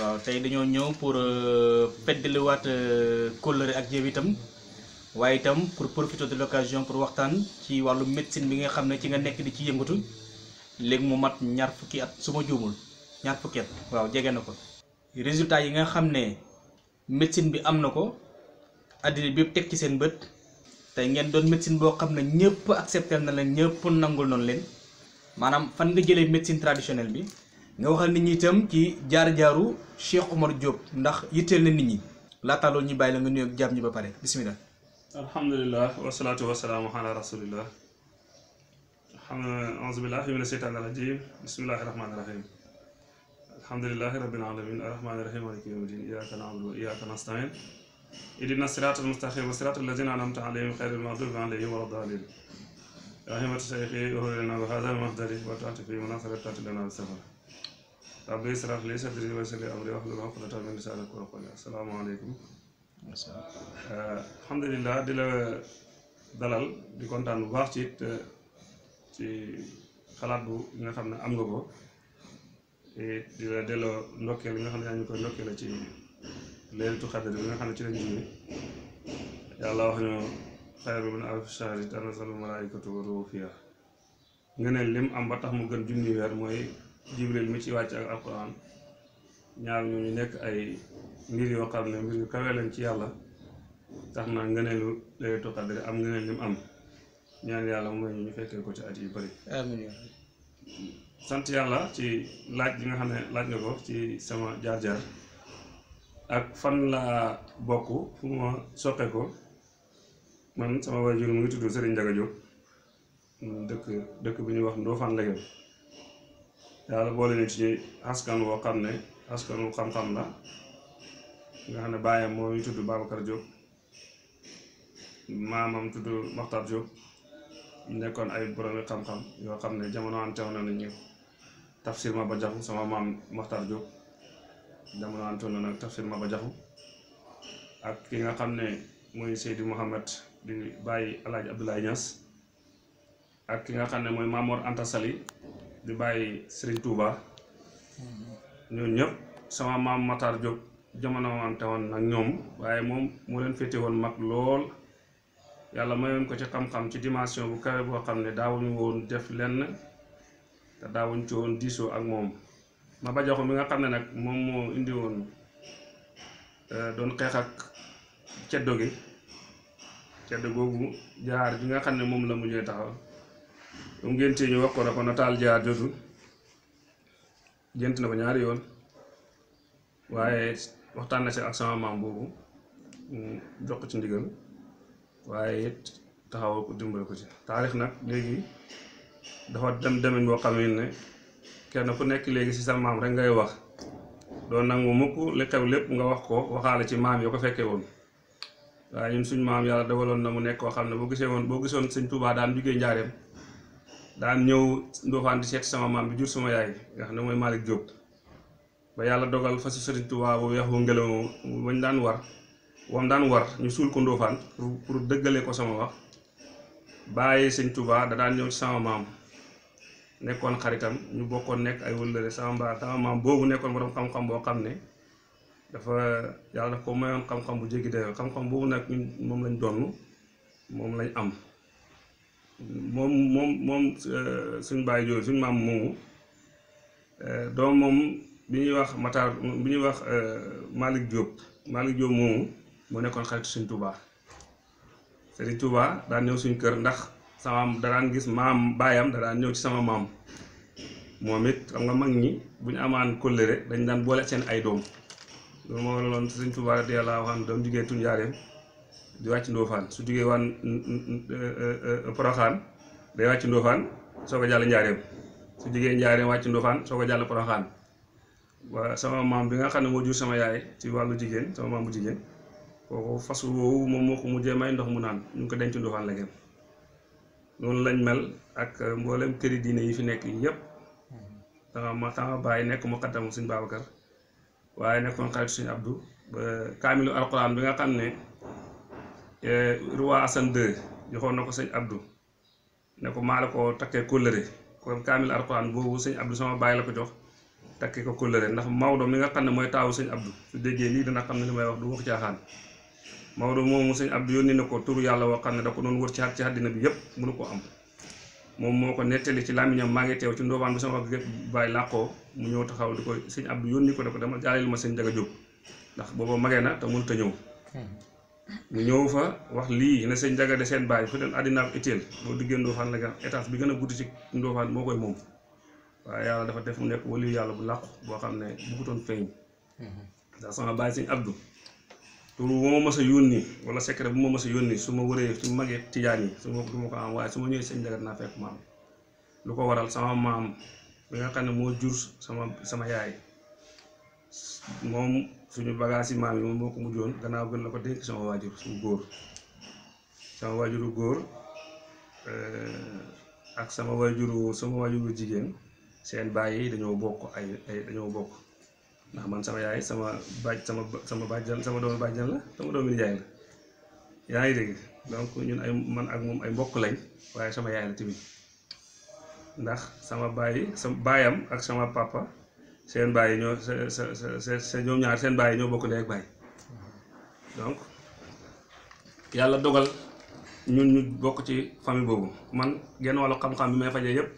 waaw tey dañoo ñëw pour feddaliwaat euh, euh, kóllëre ak jéem itam waaye itam pour profiter de l'occasion pour waxtaan ci wàllu médecine bi nga xam ne ci nga nekk di ci yëngatu léegi mu mat ñaar fukki at su ma juumul ñaar fukki at waaw jege na ko. résultat yi nga xam ne médecine bi am na ko àddina bi yëpp teg ci seen bët tey ngeen doon médecine boo xam ne ñëpp accepté na leen ñëpp nangul noonu leen maanaam fan nga jëlee médecine traditionnelle bi. nga waxal nit ñi itam ci jaar-jaaru Cheikh Omar Diop ndax yitteel na nit ñi laataa loolu ñu bàyyi la nga nuyoog jàmm ñi ba pare bisimilah. alhamdulilah wasalaatu wasalaamu ala rasulillah xam auzu billahi mina seytaani rajim bismillahi rahmaani rahim alhamdulilahi rabbil alamin arrahmaani rahim maliki yawmi din iyyaka na'budu wa iyyaka nasta'in ihdina siraatal mustaqim siraatal lazina an'amta alayhim rabbi israh li sadri wa yassir li amri wahlul uqdatan min lisani yafqahu qawli asalaamaaleykum uh, alhamdulilah di la dalal di kontaan bu baax ci it uh, ci xalaat bu nga xam ne am nga ko di la delloo ndokkeel bi nga xam ne yaa ngi koy la ci leeritu xadar bi nga xam ne ci lañ jóge yàlla wax ñu xayru min alfi shahri tanazzalul malaikatu wa ruuhu fiha nga ne lim am ba tax mu gën junni weer mooy jibril mi ci wàcc ak alquran ñaar ñooñu nekk ay mbir yoo xam ne mbir yu kawe lañ ci yàlla tax na ngëneelu laylatul qadr am ngëneel li mu am ñaan yàlla mooy ñu fekkee ko ci at yu bari sant yàlla ci laaj bi nga xam ne laaj nga ko ci sama jaar-jaar ak fan laa bokk fu ma soqe ko man sama waajur mu ngi tudd Serigne Ndiaga Diop dëkk dëkk bi ñuy wax la Leguem yàlla boole ñu ci askan woo xam ne askan wu xam-xam la nga xam ne baayam moo ngi tudd Babacar Diop maamam tudd Makhtar Diop nekkoon ay boromi xam-xam yoo xam ne jamono ante woon nañu ma ba jaxu sama maam Makhtar Diop jamono ante woon nag tafsir ma ba jaxu ak ki nga xam ne mooy Seydi Mouhamed di bàyyi El Hadj Abdoulaye ak ki nga xam ne mooy Mamor Anta Sali di bàyyi Serigne Touba ñooñu ñëpp sama maam Matar Diop jamono wante woon nag ñoom waaye moom moo leen féete woon mag lool yàlla mayoon ko ci xam-xam ci dimension bu kawe boo xam ne daawuñu woon def lenn te daawuñ ci woon diisoo ak moom ma bajoxu mi nga xam ne nag moom moo indi woon euh, doon xeex ak ceddo gi ceddo googu jaar bi nga xam ne moom la mujjee taxaw bu mu géntee ñu wax ko ne ko nataal jaar jotul gént na ko ñaari yoon waaye waxtaan na si ak maam boobu jox ko ci ndigal waaye taxaw taxawal ko dimbal ci taarix nag léegi dafa dem demin boo xam ne kenn ku nekk léegi si sa maam rek ngay wax doo nangu mukk li xew lépp nga wax ko waxaale ci maam yoo ko fekkee woon waaye ñun suñu maam yàlla dawaloon na mu nekk koo xam ne boo gisee woon boo gisoon sëñ tubaa daan jugee njaareem daan ñëw Ndofane di seet sama maam bi jur sama yaay nga xam ne mooy Malick Diop ba yàlla dogal fas Sëriñ Tuubaa bu weex bu ngelaw bañ daan war wam daan war ñu suul ko Ndofane pour dëggale ko sama wax bàyyi Sëriñ Tuubaa da daan ñëw ci sama maam nekkoon xaritam ñu bokkoon nekk ay wëllëre sama mbaa sama maam boobu nekkoon borom xam-xam boo xam ne dafa yàlla daf ko mayoon xam-xam bu jéggi dayoo xam-xam boobu nag ñun moom lañ donn moom lañ am. moom moom moom euh, suñ bàyyi jooju suñ maam moomu euh, doom moom bi ñuy wax Matar bi ñuy wax euh, Malick Diop Malick Diop moomu mu nekkoon xaritu suñ Touba Serigne tubaa daan ñëw suñ kër ndax sama daraan gis maam baayam daraan ñëw ci sama maam moom it xam nga mag ñi bu amaan kóllëre dañ daan boole seen ay doom loolu moo waraloon Serigne Touba radiyallahu anhu doom jugee tuñ njaareem di wàcc Ndofane su jugee waan mm, mm, mm, euh, euh, euh, Poroxaan day wàcc Ndofane soo ko jàll Njaareem su jugee Njaareem wàcc Ndofane soo ko jàll Poroxaan waa sama maam bi nga xam ne moo jur sama yaay ci wàllu jigéen sama maam bu jigéen kooku fas woowu moom moo ko mujjee may ndox mu naan ñu ngi ko denc Ndofane la gem noonu lañ mel ak mboolem këri diine yi fi nekk yëpp dama ma sama bàyyi nekk mu xattamu suñ Babacar waaye nekkoon xaritu suñu Abdou kaamilu alxuraan Eh, roi Assane II joxoon na ko sëñ Abdou ne ko maa la ko takkee kóllëre kon kaamil Alxuraan boobu sëñ Abdou sama bàyyi la ko jox takkee ko kóllëre ndax Maodo mi nga xam ne mooy sëñ Abdou su déggee lii dana xam ne li may wax du wax caaxaan Maodo moomu sëñ Abdou yónni na ko turu yàlla woo xam ne da ko doon wër ci ci àddina bi yëpp mënu ko am moom moo ko nettali ci làmmiñam maa ngi teew ci ndoofaan bi sama gépp bàyyi làqoo mu ñëw taxaw di ko yoon Abdou yónni ko da ko dama lu ma sëñ Njaga Jóob ndax booba magee na te mënut a ñëw hmm. mu ñëw fa wax lii ne sëñ Njaga de seen bàyyi fu dem àddina ak Étienne moo diggee Ndofane la nga bi gën a guddi ci Ndofane moo koy moom waaye yàlla dafa def mu nekk waliyu yàlla bu làqu boo xam ne bëggutoon feeñ mhm. ndax sama bàyyi sëñ Abdou tur bu ma mës a yónni wala secret bu ma mës yoon yónni su ma wëree su ma magee tijaan yi su ma du ma ko am waaye su ma ñëwee sëñ Njaga dinaa fekk maam lu ko waral sama maam bi nga xam ne moo jur sama sama yaay suñu bagage yi maam yi moom moo ko mujjoon gannaaw gën la ko dénk sama waajur su góor sama waajuru góor euh, ak sama waajuru sama waajuru jigéen seen bàyyi dañoo bokk ay ay dañoo bokk ndax man sama yaay sama bà sama sama bàjjan sama doomu bàjjan la sama doomu yaay la yaa ngi dégg donc ñun ay man ak moom ay mbokk lañ waaye sama yaay la tamit ndax sama bàyyi sama baayam ak sama papa seen bàyyi ñoo seen seen seen ñoom ñaar seen bàyyi ñoo bokk ndey ak bàyyi donc yàlla dogal ñun ñu bokk ci famille boobu man genn wàllu xam-xam bi may fajee yëpp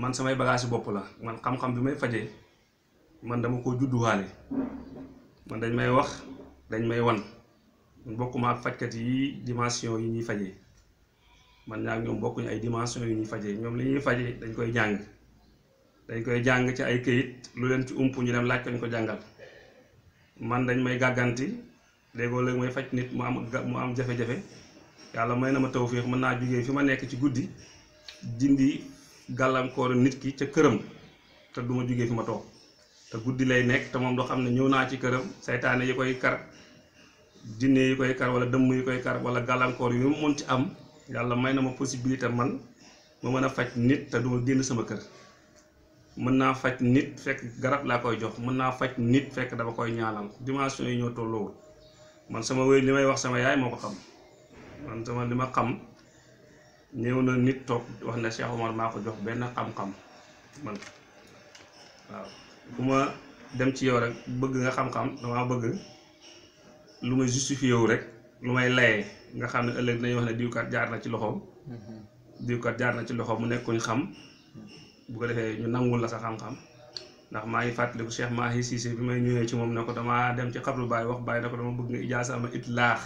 man samay bagage bopp la man xam-xam bi may fajee man dama ko judduwaale man dañ may wax dañ may wan man fajkat yi dimension yi ñuy fajee man ñaar ñoom bokkuñu ay dimension yi ñuy fajee ñoom li ñuy fajee dañ koy jàng dañ koy jàng ci ay këyit lu leen ci ump ñu dem laaj ko ñu ko jàngal man dañ may gàgganti léegoo léegi may faj nit mu am mu am jafe-jafe yàlla may na ma tawféex mën naa jógee fi ma nekk ci guddi dindi gàllankooru nit ki ca këram te du ma jógee fi ma toog te guddi lay nekk te moom doo xam ne ñëw naa ci këram seytaane yi koy kar jinne yi koy kar wala dëmm yi koy kar wala gàllankoor yu mu mën ci am yàlla may na ma possibilité man ma mën a faj nit te du ma sama kër mën naa faj nit fekk garab laa koy jox mën naa faj nit fekk dafa koy ñaanal dimension yi ñoo tolloowul man sama wéy li may wax sama yaay moo ko xam man sama li ma xam ñëw na nit toog wax ne Cheikh Omar maa ko jox benn xam-xam man waaw bu ma dem ci yow rek bëgg nga xam-xam damaa bëgg lu may justifié wu rek lu may layee nga xam ne ëllëg nañu wax ne diwkat jaar na ci loxoom mm-hmm. diwkat jaar na ci loxoom mu nekkuñ xam bu ko defee ñu nangul la sa xam-xam ndax maa ngi fàttaliku Cheikh Mahi Cissé bi may ñëwee ci moom ne ko damaa dem ci xablu Baye wax Baye ne ko dama bëgg nga ijaasa am it laax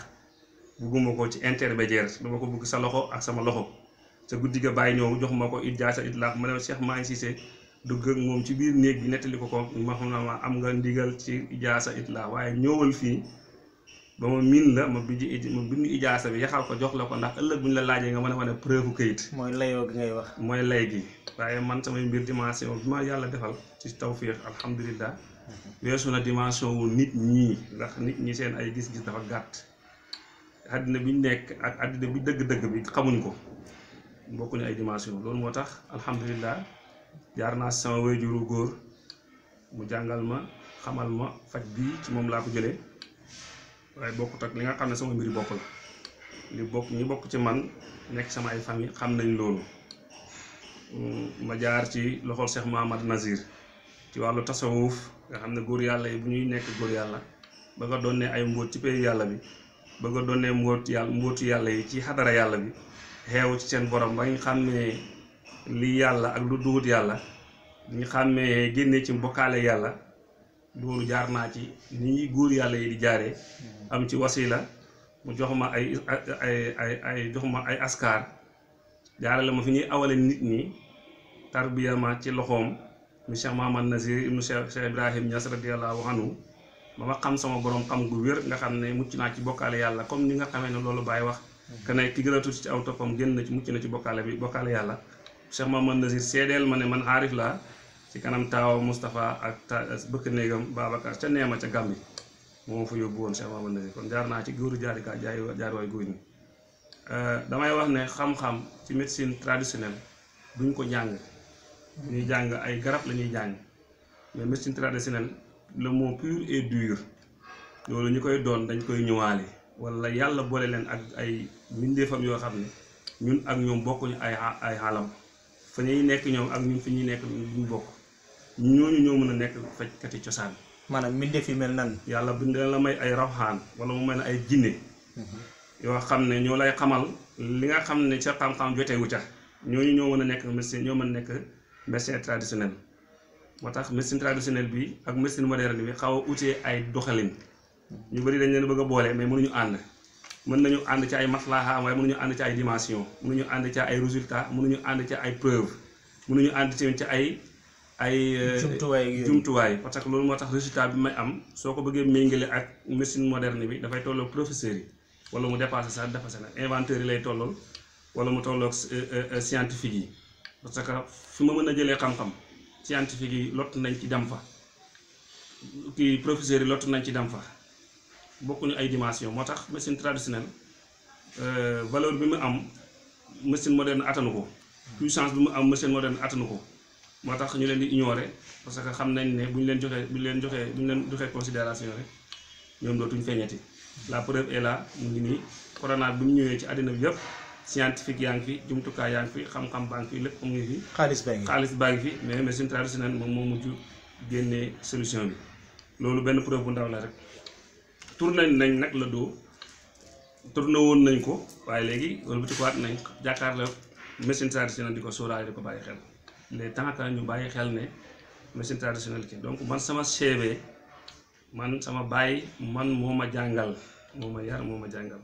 bugguma ko ci intermédiaire ma ko bugg sa loxo ak sama loxo sa guddi ga Baye ñëw joxuma ma ko ijaasa it laax ma ne Cheikh Mahi Cissé dugg ak moom ci biir néeg bi nettali ko ko ma xam naa ma am nga digal ci ijaasa it laax waaye ñëwal fii. ba ma miin la ma bindi ma bindi ijaasa bi yaxal ko jox la ko ndax ëllëg bu ñu la laajee nga mën a wane preuve këyit. mooy layoo gi ngay wax. mooy lay gi waaye man samay mbir dimension bi ma yàlla defal ci tawfiix alhamdulilah mhm. weesu na dimension wu nit ñi ndax nit ñi seen ay gis-gis dafa gàtt. àddina bi ñu nekk ak àddina bi dëgg-dëgg bi xamuñ ko mbokku bokkuñu ay dimension loolu moo tax alhamdulilah jaar naa sama wéjuru góor mu jàngal ma xamal ma faj bii ci moom laa ko jëlee. waaye bokkut ak li nga xam ne sama mbir bokk la li bokk ñi bokk ci man nekk sama ay famille xam nañ loolu mm, ma jaar ci loxol Cheikh Mouhamad Nazir ci wàllu tasawuf nga xam ne góor yàlla yi bu ñuy nekk góor yàlla ba nga doon ne ay mbóot ci yàlla bi ba nga doon yàlla mbóotu yi ci xadara yàlla bi xeewu ci seen borom ba nga xam ne lii yàlla ak lu dugut yàlla ñu xàmmee génnee ci mbokkaale yàlla loolu jaar naa ci ni ñuy góor yàlla yi di jaaree am ci wasila mu jox ma ay ay ay ay jox ma ay askar jaarale ma fi ñuy awale nit ñi tarbiyama ci loxoom mu Cheikh Mahamad Nasir ibnu Cheikh Cheikh Ibrahim Niass radiyallahu anhu ba ma xam sama borom xam gu wér nga xam ne mucc naa ci bokkaale yàlla comme ni nga xame ne loolu baay wax que ne ki gën a ci aw toppam génn na ci mucc na ci bokkaale bi bokkaale yàlla Cheikh Mahamad Nasir seedeel ma ne man aarif laa ci kanam taawa Moustapha ak ta eh, bëkk néegam Babacar ca neema ca Gàmbi moo fa yóbbu woon Cheikh Mamadou Nazir kon jaar naa ci góoru jaarikaa jaay jaar waay góor ñi eh, damay wax ne xam-xam ci médecine traditionnelle duñ ko jàng ñuy jàng ay garab lañuy ñuy jàng mais médecine traditionnelle le moo pur et dur loolu ñu koy doon dañ koy ñëwaale wala yàlla boole leen ak ay mbindeefam yoo xam ne ñun ak ñoom bokkuñu ay ay xalam ñuy nekk ñoom ak ñun fi ñuy nekk duñ bokk ñooñu ñoo mën a nekk fajkati cosaan. maanaam mbindeef yi mel nan. yàlla bu dina la may ay rawxaan wala mu mel ne ay jinne mhm. yoo xam ne ñoo lay xamal li nga xam ne ca xam-xam jotewu ca ñooñu ñoo mën a nekk médecine ñoo mën a nekk médecine traditionnel moo tax médecine traditionnelle bi ak médecine moderne bi xaw a utee ay doxalin ñu bëri dañ leen bëgg a boole mais mënuñu ànd mën nañu ànd ci ay maslaha waaye mënuñu ànd ci ay dimension mënuñu ànd ca ay résultat mënuñu ànd ca ay preuve ay euh, jumtuwaay jumtuwaay parce que loolu moo tax résultat bi may am soo ko bëggee méngale ak médecine moderne bi dafay tolloog professeurs yi wala mu dépassé sax dépassé na inventeurs yi lay tollool wala mu tolloog euh, euh, scientifique yi parce que fi ma mën a jëlee xam-xam scientifique yi lott nañ ci dem fa kii professeurs yi lott nañ ci dem fa bokkuñu ay dimension moo tax médecine traditionnelle valeur bi mu am médecine moderne attanu ko puissance bi mu am médecine moderne attanu ko moo tax ñu leen di ignorer parce que xam nañ ne bu leen joxee bu leen joxee bu ñu leen joxee considération rek ñoom dootuñ feeñati la preuve est là mu ngi nii corona bi mu ñëwee ci àddina bi yëpp scientifique yaa ngi fi jumtukaay yaa ngi fi xam-xam lépp mu ngi fi. xaalis baa ngi fi xaalis baa ngi fi mais médecine traditionnelle moom moo mujj génnee solution bi loolu benn preuve bu ndaw la rek tour nañ nañ nag la doo na woon nañ ko waaye léegi loolu bu ci waat nañ jàkkaarloo médecine traditionnelle di ko sóoraale di ko bàyyi xel. les temps que ñu bàyyi xel ne médecine traditionnelle ki donc man sama CV man sama baay man moo ma jàngal moo ma yar moo ma jàngal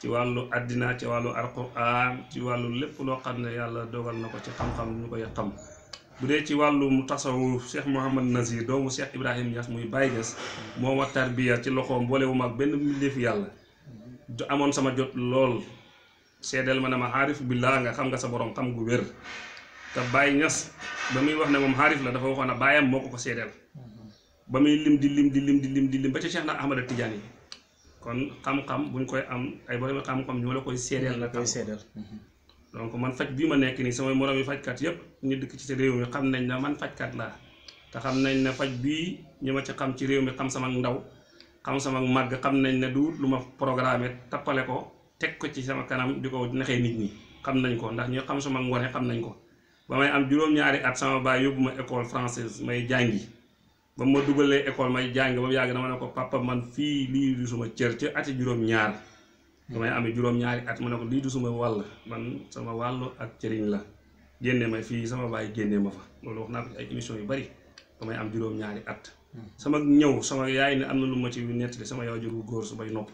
ci wàllu àddina ci wàllu alxuraan ci wàllu lépp loo xam ne yàlla doogal na ko ci xam-xam ñu koy xam bu dee ci wàllu mu tasawuf Cheikh Mouhamad Nazir doomu Cheikh Ibrahim Niass muy Baye Niass moo ma tarbiya ci loxoom boolewuma ak benn mbindéef yàlla amoon sama jot lool seedeel ma ne ma aarif billaa nga xam nga sa borom xam gu wér te bàyyi Niass ba muy wax ne moom xaarif la dafa waxoon ne baayam moo ko ko seedeel ba muy lim di lim di lim di lim di ba ci Cheikh na Ahmada Tidiane yi kon xam-xam buñ koy am ay borom xam-xam ñoo la koy seedeel la koy seedeel donc man faj bii ma nekk nii samay moroom yi fajkat yépp ñu dëkk ci sa réew mi xam nañ ne man fajkat laa te xam nañ ne faj bii ñi ma ci xam ci réew mi xam sama ndaw xam sama màgg xam nañ ne du lu ma programmé tappale ko teg ko ci sama kanam di ko nexee nit ñi xam nañ ko ndax ñu xam sama ngone xam nañ ko ba may am juróom-ñaari at sama baay yóbbu ma école française may jàngi ba ma dugalee école may jàngi ba mu yàgg dama ne ko papa man fii lii du suma cër ci ati juróom-ñaar ba may amee juróom-ñaari at ma ne ko lii du sama wàll man sama wàll ak cëriñ la génne ma fii sama baay génne ma fa loolu wax naa ko ci ay émission yu bari ba may am juróom-ñaari at. sama ñëw sama yaay ne am na lu ma ci nettali sama waajur wu góor su bay nopp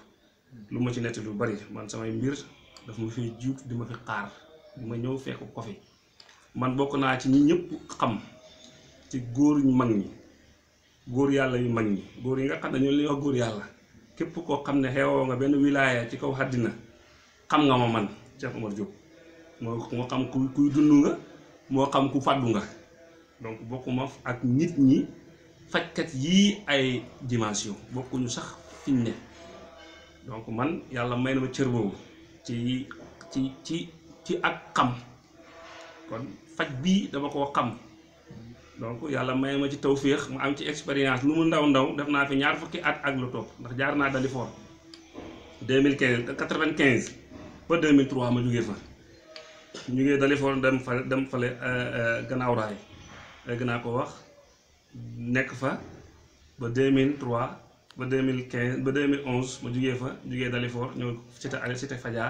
lu ma ci nettali lu bari man samay mbir daf ma fiy jiitu di ma fi xaar di ma ñëw fekk ko fi. man bokk naa ci ñi ñëpp xam ci góor ñu mag ñi góor yàlla yu mag ñi góor yi nga xam ne ñoo li wax góor yàlla képp koo xam ne xeewoo nga benn wilaaya ci kaw àddina xam nga ma man Cheikh Omar Diop moo moo xam ku kuy dund nga moo xam ku fàddu nga donc bokkuma ak nit ñi fajkat yii ay dimension bokkuñu sax fiñ ne donc man yàlla may na ma cër boobu ci ci ci ci ak xam kon faj bii dama koo xam donc yàlla may ma ci tawféex mu am ci expérience lu mu ndaw ndaw def naa fi ñaar fukki at ak lu topp ndax jaar naa Dalifort 2015 95 ba 2003 ma jugee fa ñu ngi Dalifort dem fa dem fale euh, euh, gannaaw raay naa ko wax nekk fa ba 2003 ba 2015 ba 2011 ma jugee fa jugee Dalifort ñëw cité Cité Fadia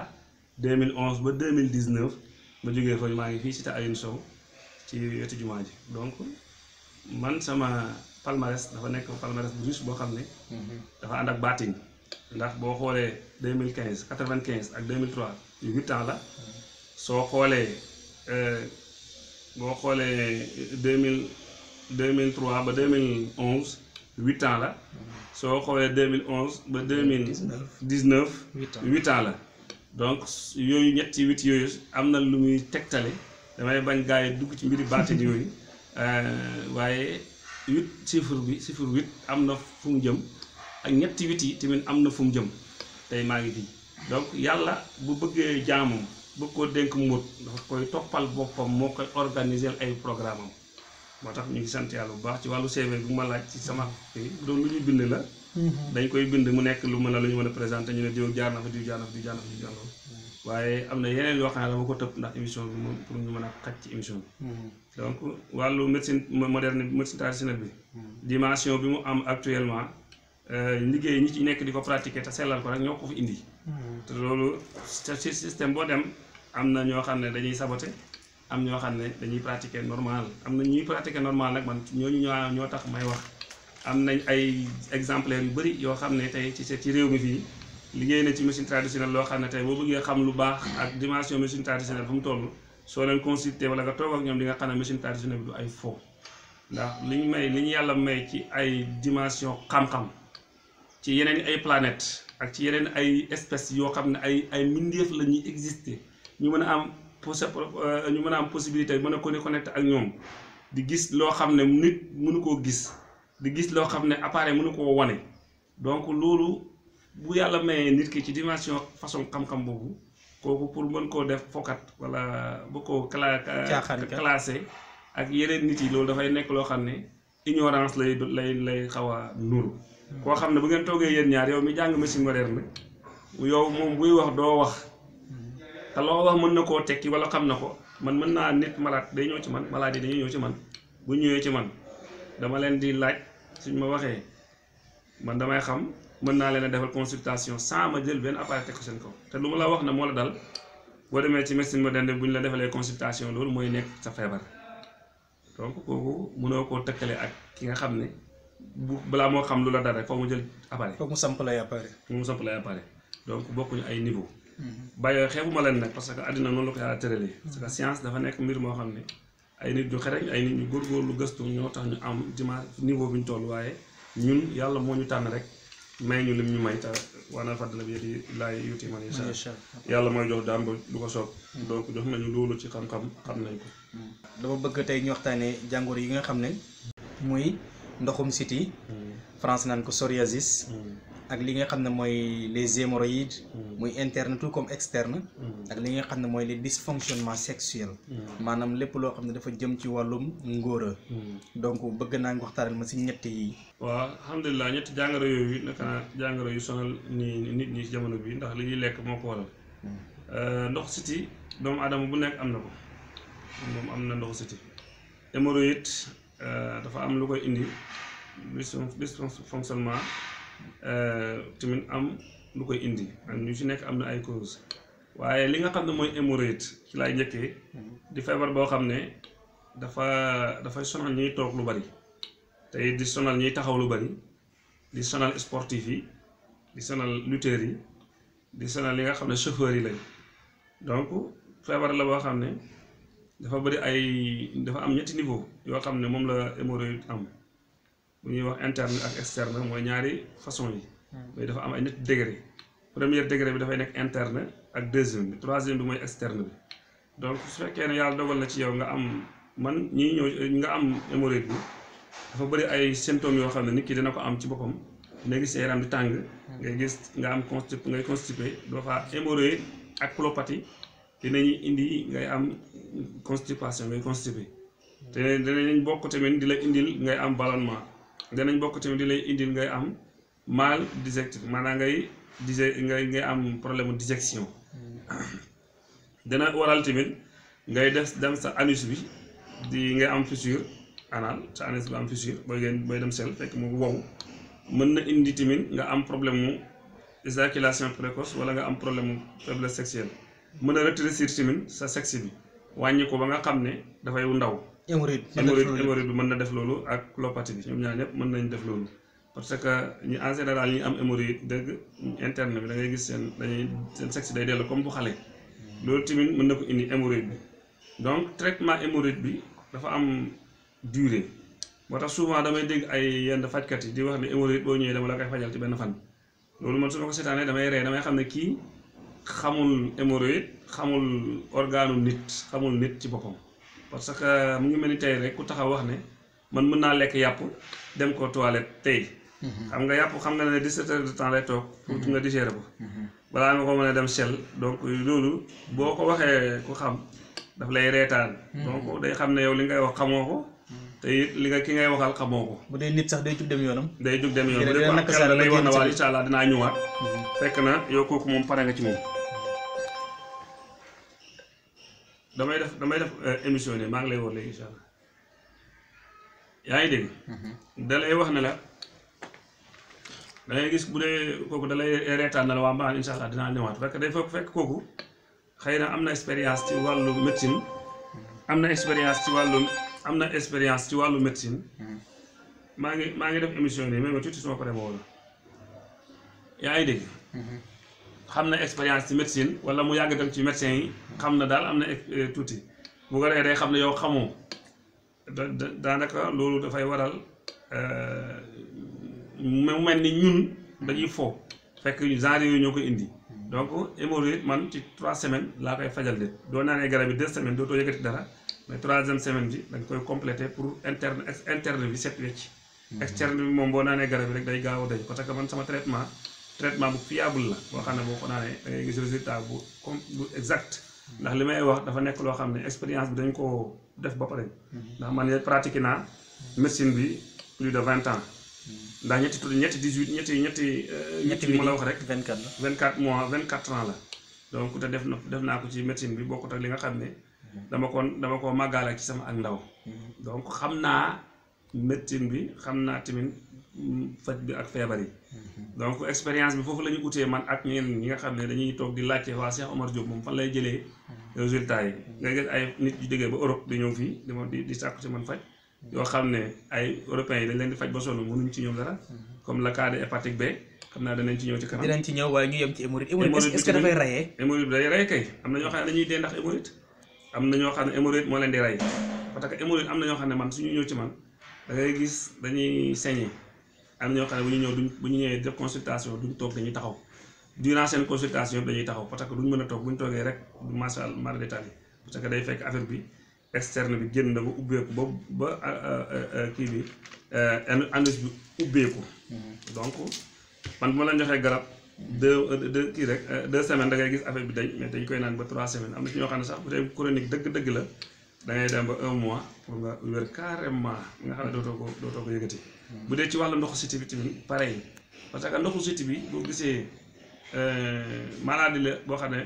2011 ba 2019 ma jógee foofu maa ngi fii cité Alioune Sow ci wetu jumaa ji donc man sama palmarès dafa nekk palmarès bu riche boo xam ne. Mhm. dafa ànd ak baatin. ndax boo xoolee deux mille quinze quatre vingt quinze ak deux mille trois huit la mhm. soo xoolee euh, boo xoolee deux mille deux mille ba deux mille onze huit ans la. Mhm. soo xoolee deux mille onze ba deux mille dix neuf huit ans la. donc yooyu ñetti wit yooyu am na lu muy tegtale damay bañ gaa yi dugg ci mbiri baatin yooyu euh, waaye wit chiffre bi chiffre wit am na fu mu jëm ak ñetti wit yi tamit am na fu mu jëm tey maa ngi fii donc yàlla bu bëggee jaamam bëgg koo dénk mbóot dafa koy toppal boppam moo koy organiser ay programme moo tax ñu ngi sant yàlla bu baax ci wàllu CV bi ma laaj ci sama bi bu lu ñu bind la. Mhm. dañ koy bind mu nekk lu ma a lu ñu mën a présenté ñu ne diw jaar na fa diw jaar na fa diw jaar na fa diw jaar na fa mhm. waaye am na yeneen yoo xam ne dama ko tëb ndax émission bi moom pour ñu mën a xaj ci émission bi. Mhm. donc wàllu médecine moderne médecine traditionnelle bi. mu am actuellement euh, liggéey ñi ci nekk di ko pratiquer te sellal ko rek ñoo ko fi indi. te loolu ci système boo dem am na ñoo xam ne dañuy saboter. am ñoo xam ne dañuy pratiquer normal am na ñuy pratiquer normal nag man ñooñu ñoo ñoo tax may wax am nañ ay exemple yu bëri yoo xam ne tey ci ci réew mi fii liggéey na ci médecine traditionnelle loo xam ne tey boo bëggee xam lu baax ak dimension médecine traditionnelle fu mu toll soo leen consulter wala nga toog ak ñoom di nga xam ne médecine traditionnelle bi du ay faux ndax li ñu may li yàlla may ci ay dimension xam-xam ci yeneen ay planètes ak ci yeneen ay espèces yoo xam ne ay ay mbindeef la ñu pousse euh, ñu mën a am possibilité mën a ko connecté ak ñoom di gis loo xam ne nit mënu koo gis di gis loo xam ne appareil mënu koo wone donc loolu bu yàlla mayee nit ki ci dimension façon xam-xam boobu kooku pour mën koo def fokat wala bu ko cla classé ak yeneen nit yi loolu dafay nekk loo xam ne ignorance lay lay lay xaw a nuru hmm. koo xam ne bu ngeen toogee yéen ñaar yow mi jàng machine moderne yow moom buy wax doo wax te loo mën na koo tekki wala xam na ko man mën naa nit malade day ñëw ci man malade yi dañuy ñëw ci man bu ñëwee ci man dama leen di laaj suñ ma waxee man damay xam mën naa leen a defal consultation sans ma jël benn appareil teg ko seen kaw te lu ma la wax na moo la dal boo demee ci médecine moderne bu ñu la defalee consultation loolu mooy nekk sa feebar donc kooku mënoo ko tëkkale ak ki nga xam ne bu balaa moo xam lu la dal rek foo mu jël appareil. foo mu samp lay appareil. foo mu samp lay appareil bokkuñu ay niveau. bàyyoo xeebuma leen nag parce que àddina noonu la ko yàlla tëralee parce que science dafa nekk mbir moo xam ne ay nit ñu xereñ ay nit ñu lu gëstu ñoo tax ñu am dimanche niveau bi ñu waaye ñun yàlla moo ñu tànn rek may ñu lim ñu may te waana fàddala bi yedi laay yuti man incha yàlla mooy jox daam lu ko soob donc jox nañu loolu ci xam-xam xam nañ ko dama bëgg tey ñu waxtaanee jàngoro yi nga xam ne muy ndoxum siti hmm. France naan ko psoriasis hmm. ak li nga xam ne mooy les hémorroïdes mm. muy interne tout comme externe mm. ak li nga xam ne mooy les dysfonctionnements sexuels mm. maanaam lépp loo xam ne dafa jëm ci wàllum ngóora donc bëgg naa nga waxtaanal ma si ñett yi waaw alhamdulilah ñetti jàngoro yooyu naka jàngoro yu sonal ni nit ñi ci jamono bi ndax li ñuy lekk moo ko waral euh, ndox siti doomu aadama bu nekk am na ko moom am na ndox siti hémorroïde euh, dafa am lu koy indi dysfonctionnement Euh, tamit am lu koy indi ak ñu ci nekk am na ay cause waaye li nga xam ne mooy hémorroïde ci laay njëkkee di feebar boo xam ne dafa dafay sonal ñuy toog lu bari te di sonal ñuy taxaw lu bari di sonal sportif yi di sonal lutteurs yi di sonal li nga xam ne chauffeurs yi lañ donc feebar la boo xam ne dafa bëri ay dafa am ñetti niveau yoo xam ne moom la hémorroïde am bu ñuy wax interne ak externe mooy ñaari façon yi. mais hmm. dafa am ay ñetti degré premier degré bi dafay nekk interne ak deuxième bi troisième bi mooy externe bi donc su fekkee ne yàlla dogal na ci yow nga am man ñi ñëw nga am hémorroïde bi dafa bëri ay symptômes yoo xam ne nit ki dana ko am ci boppam. dina gis sa yaram di tàng. Hmm. ngay gis nga am constip ngay constipé doo fa hémorroïde ak colopathie dinañu indi ngay am constipation ngay constipé hmm. te dinañ am ballonnement. danañ bokk tamit di lay ngay am mal digestif maanaam ngay dige ngay ngay am problème digestion hmm. dana waral tamit ngay def dem sa anus bi di ngay am fissure anal sa anus bi am fissure booy ngeen booy dem sel fekk mu wow mën na indi tamit nga am problème mu éjaculation précoce wala nga am problème mu faiblesse sexuelle mën a rétrécir tamit sa sexe bi wàññi ko ba nga xam ne dafay ndaw. hémorroïde hémorroïde bi mën na def loolu ak colopathie bi ñoom ñaar ñëpp mën nañ def loolu parce que ñu en général ñu am hémorroïde dëgg internet bi da ngay gis seen dañuy seen sexe day dellu comme bu xale loolu tamit mën na ko indi hémorroïde bi donc traitement hémorroïde bi dafa am durée moo tax souvent damay dégg ay yenn fajkat yi di wax ne hémorroïde boo ñëwee dama la koy fajal ci benn fan loolu man su ma ko damay ree damay xam ne kii xamul hémorroïde xamul organu nit xamul nit ci boppam parce que euh, mu ngi ma ni tey rek ku taxaw wax ne man mën naa lekk yàpp dem ko toilette tey. Mhm. xam nga yàpp xam nga ne 17 heures de temps lay toog. pour mhm. nga digérer ko. Mhm. balaa nga koo mën a dem sel donc loolu boo ko waxee ku xam daf lay reetaan. donc day xam ne yow li ngay wax xamoo ko. te it li ki ngay waxal xamoo ko. bu dee nit sax day jug dem yoonam. day jug dem yoonam bu dee ko am xel lay wax na waa incha allah dinaa ñëwaat. fekk na yow kooku moom pare nga ci damay def damay def eh, émission ne maa ngi lay woo léegi incha allah yaa ngi dégg. Mhm. da wax ne la da ngay gis bu dee kooku da lay reetaan na la waa mbaa incha allah dinaa parce que day fekk kooku xëy na am na expérience ci wàllu médecine mhm. am na expérience ci wàllu am na expérience ci wàllu médecine mhm. maa ngi maa ngi def émission ne mais ma tuuti suma pare ma woo la yaa ngi dégg. xam na expérience ci médecine wala mu yàgg dem ci médecin yi xam na daal am na euh, tuuti bu ko defee xam ne yow xamoo daanaka loolu dafay waral euh, mu mel ni ñun dañuy foo fekk genre yooyu ñoo ko indi donc hémorroïde man ci trois semaines laa koy fajal de doo naanee garab yi deux semaines dootoo yëkkati dara mais troisième semaine bi dañ koy compléter pour interne interne bi set wecc mm-hmm. externe bi moom boo naanee garab yi rek day gaaw dañ parce que man sama traitement traitement bu fiable la boo xam ne boo ko naanee da ngay gis résultat bu comme bu exact ndax li may wax dafa nekk loo xam ne expérience bi dañ koo def ba pare ndax man yéen pratiqué naa bi plus de vingt ans ndax ñetti tudd ñetti dix huit ñetti ñetti. Euh, ñetti bi ma la wax rek vingt quatre la mois vingt quatre ans la. donc te def na def naa ko ci médecine bi bokkut ak li nga xam ne dama ko dama koo màggaale ci sama ak ndaw. Mhm. donc xam naa médecine bi xam naa tamit. faj bi ak feebar yi. donc expérience bi foofu la ñu utee man ak ñeneen ñi nga xam ne dañuy toog di laajte waa Cheikh Omar Diop moom fan lay jëlee résultats yi. nga gis ay nit yu jógee ba Europe di ñëw fii di ma di di ci man faj. yoo xam ne ay européens yi dañ leen di faj ba sonn mënuñ ci ñoom dara. comme le cas de hépatique B xam naa danañ ci ñëw ci kanam. dinañ ci ñëw waaye ñu yem ci hémorroïde. hémorroïde est-ce que dafay rayee. am na ñoo xam ne dañuy moo leen di rey parce que hémorroïde am na ñoo xam ne man suñu ñëw ci man da ngay gis dañuy am na ñoo xam ne bu ñu ñëw duñ bu ñu ñëwee def consultation duñ toog taxaw durant seen consultation dañuy parce que duñ mën a toog bu ñu toogee rek macha allah mara détaillé parce que fekk affaire bi externe bi génn na ba ubbeeku ba ba euh, euh, euh, kii bi anus bi ubbeeku. Mm-hmm. donc man bu ma leen garab. deux deux kii rek deux semaines da ngay gis bi dañ mais dañ koy naan ba xam ne sax bu dee chronique dëgg-dëgg la da ngay ba un mois pour nga wér carrément nga xam ne dootoo ko dootoo ko yëgati. bu dee ci wàllu ndoxu siti bi tamit parce que ndoxu siti bi boo gisee euh, maladie la boo xam ne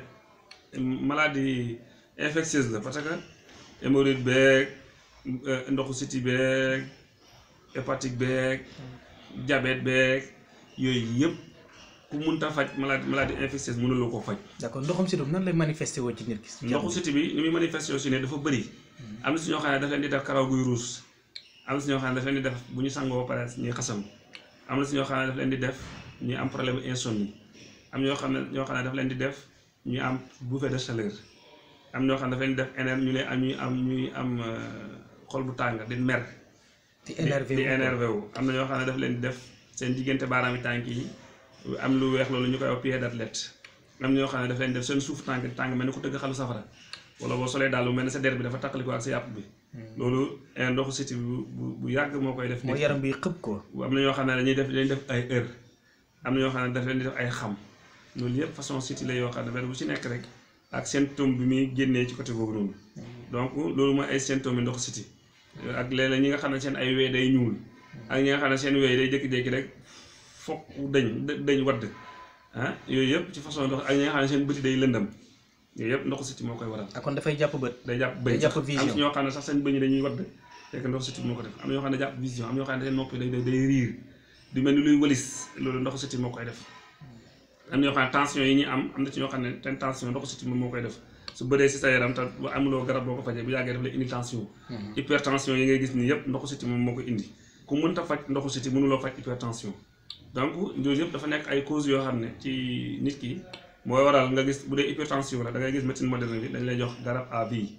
maladie infectieuse la parce que hémorroïde euh, ndoxu siti beeg hépatique beeg diabète beeg yooyu yëpp ku ta faj maladie maladie infectieuse mënuloo koo faj. d'accord ndoxum siti bi nan lay manifesté woo ci nit ki. ndoxu siti bi ni muy manifesté si ne dafa bëri. Hmm. am na si ñoo xam ne daf leen di karaw guy ruus. am na ñoo xam ne daf leen di def bu ñu sangoo pare ñuy xasam am na si ñoo ne daf leen di def ñu am problème insomnie am ñoo xam ne ñoo xam ne daf leen di def ñu am bouffée de chaleur am ñoo xam ne daf leen def énerve ñu am ñuy am ñuy am euh, xol bu tàng di mer. di énervé wu di na ñoo xam ne daf leen di def seen diggante baaraami tànk yi am lu weex loolu ñu koy wax pied d'athlète am ñoo xam ne daf leen def seen suuf tànk tàng mel ni ku tëgg xalu safara wala boo solee daal lu mel ne sa der bi dafa taqali ko ak sa yàpp bi. loolu eh, ndoxu siti bu bu yàgg moo koy def. mooy yaram bi xëpp ko. am na ñoo xam ne dañuy def dañuy def ay heure am na ñoo xam ne daf leen di def ay xam loolu yëpp façon siti la yoo xam ne benn bu ci nekk rek ak symptôme bi muy génnee ci côté boobu noonu. donc loolu mooy ay symptômes yu siti ak léeg ñi nga xam ne seen ay wee day ñuul. ak ñi nga xam ne seen wee day jékki-jékki rek fokk dañ dañ wadd ah yooyu yëpp ci façon ndox ak ñi nga xam ne seen bëti day lëndam. yooyu ndoxu siti moo koy waral. ah kon dafay jàpp bët. day jàpp bëy sax am yi ñuy am am na ci ñoo xam ne ten tension ndoxu siti moom moo koy def su bëree si sa yaram te amuloo garab boo ko fajee bu yàggee daf lay indi tension hmm. hypertension yi ngay gis nii yëpp ndoxu siti moom moo ko indi ku mënta faj ndoxu siti mënuloo faj hypertension donc loolu yëpp dafa nekk ay cause yoo xam ne ci nit ki mooy waral nga gis bu dee hypertension la da ngay gis médecine moderne bi dañ lay jox garab à vie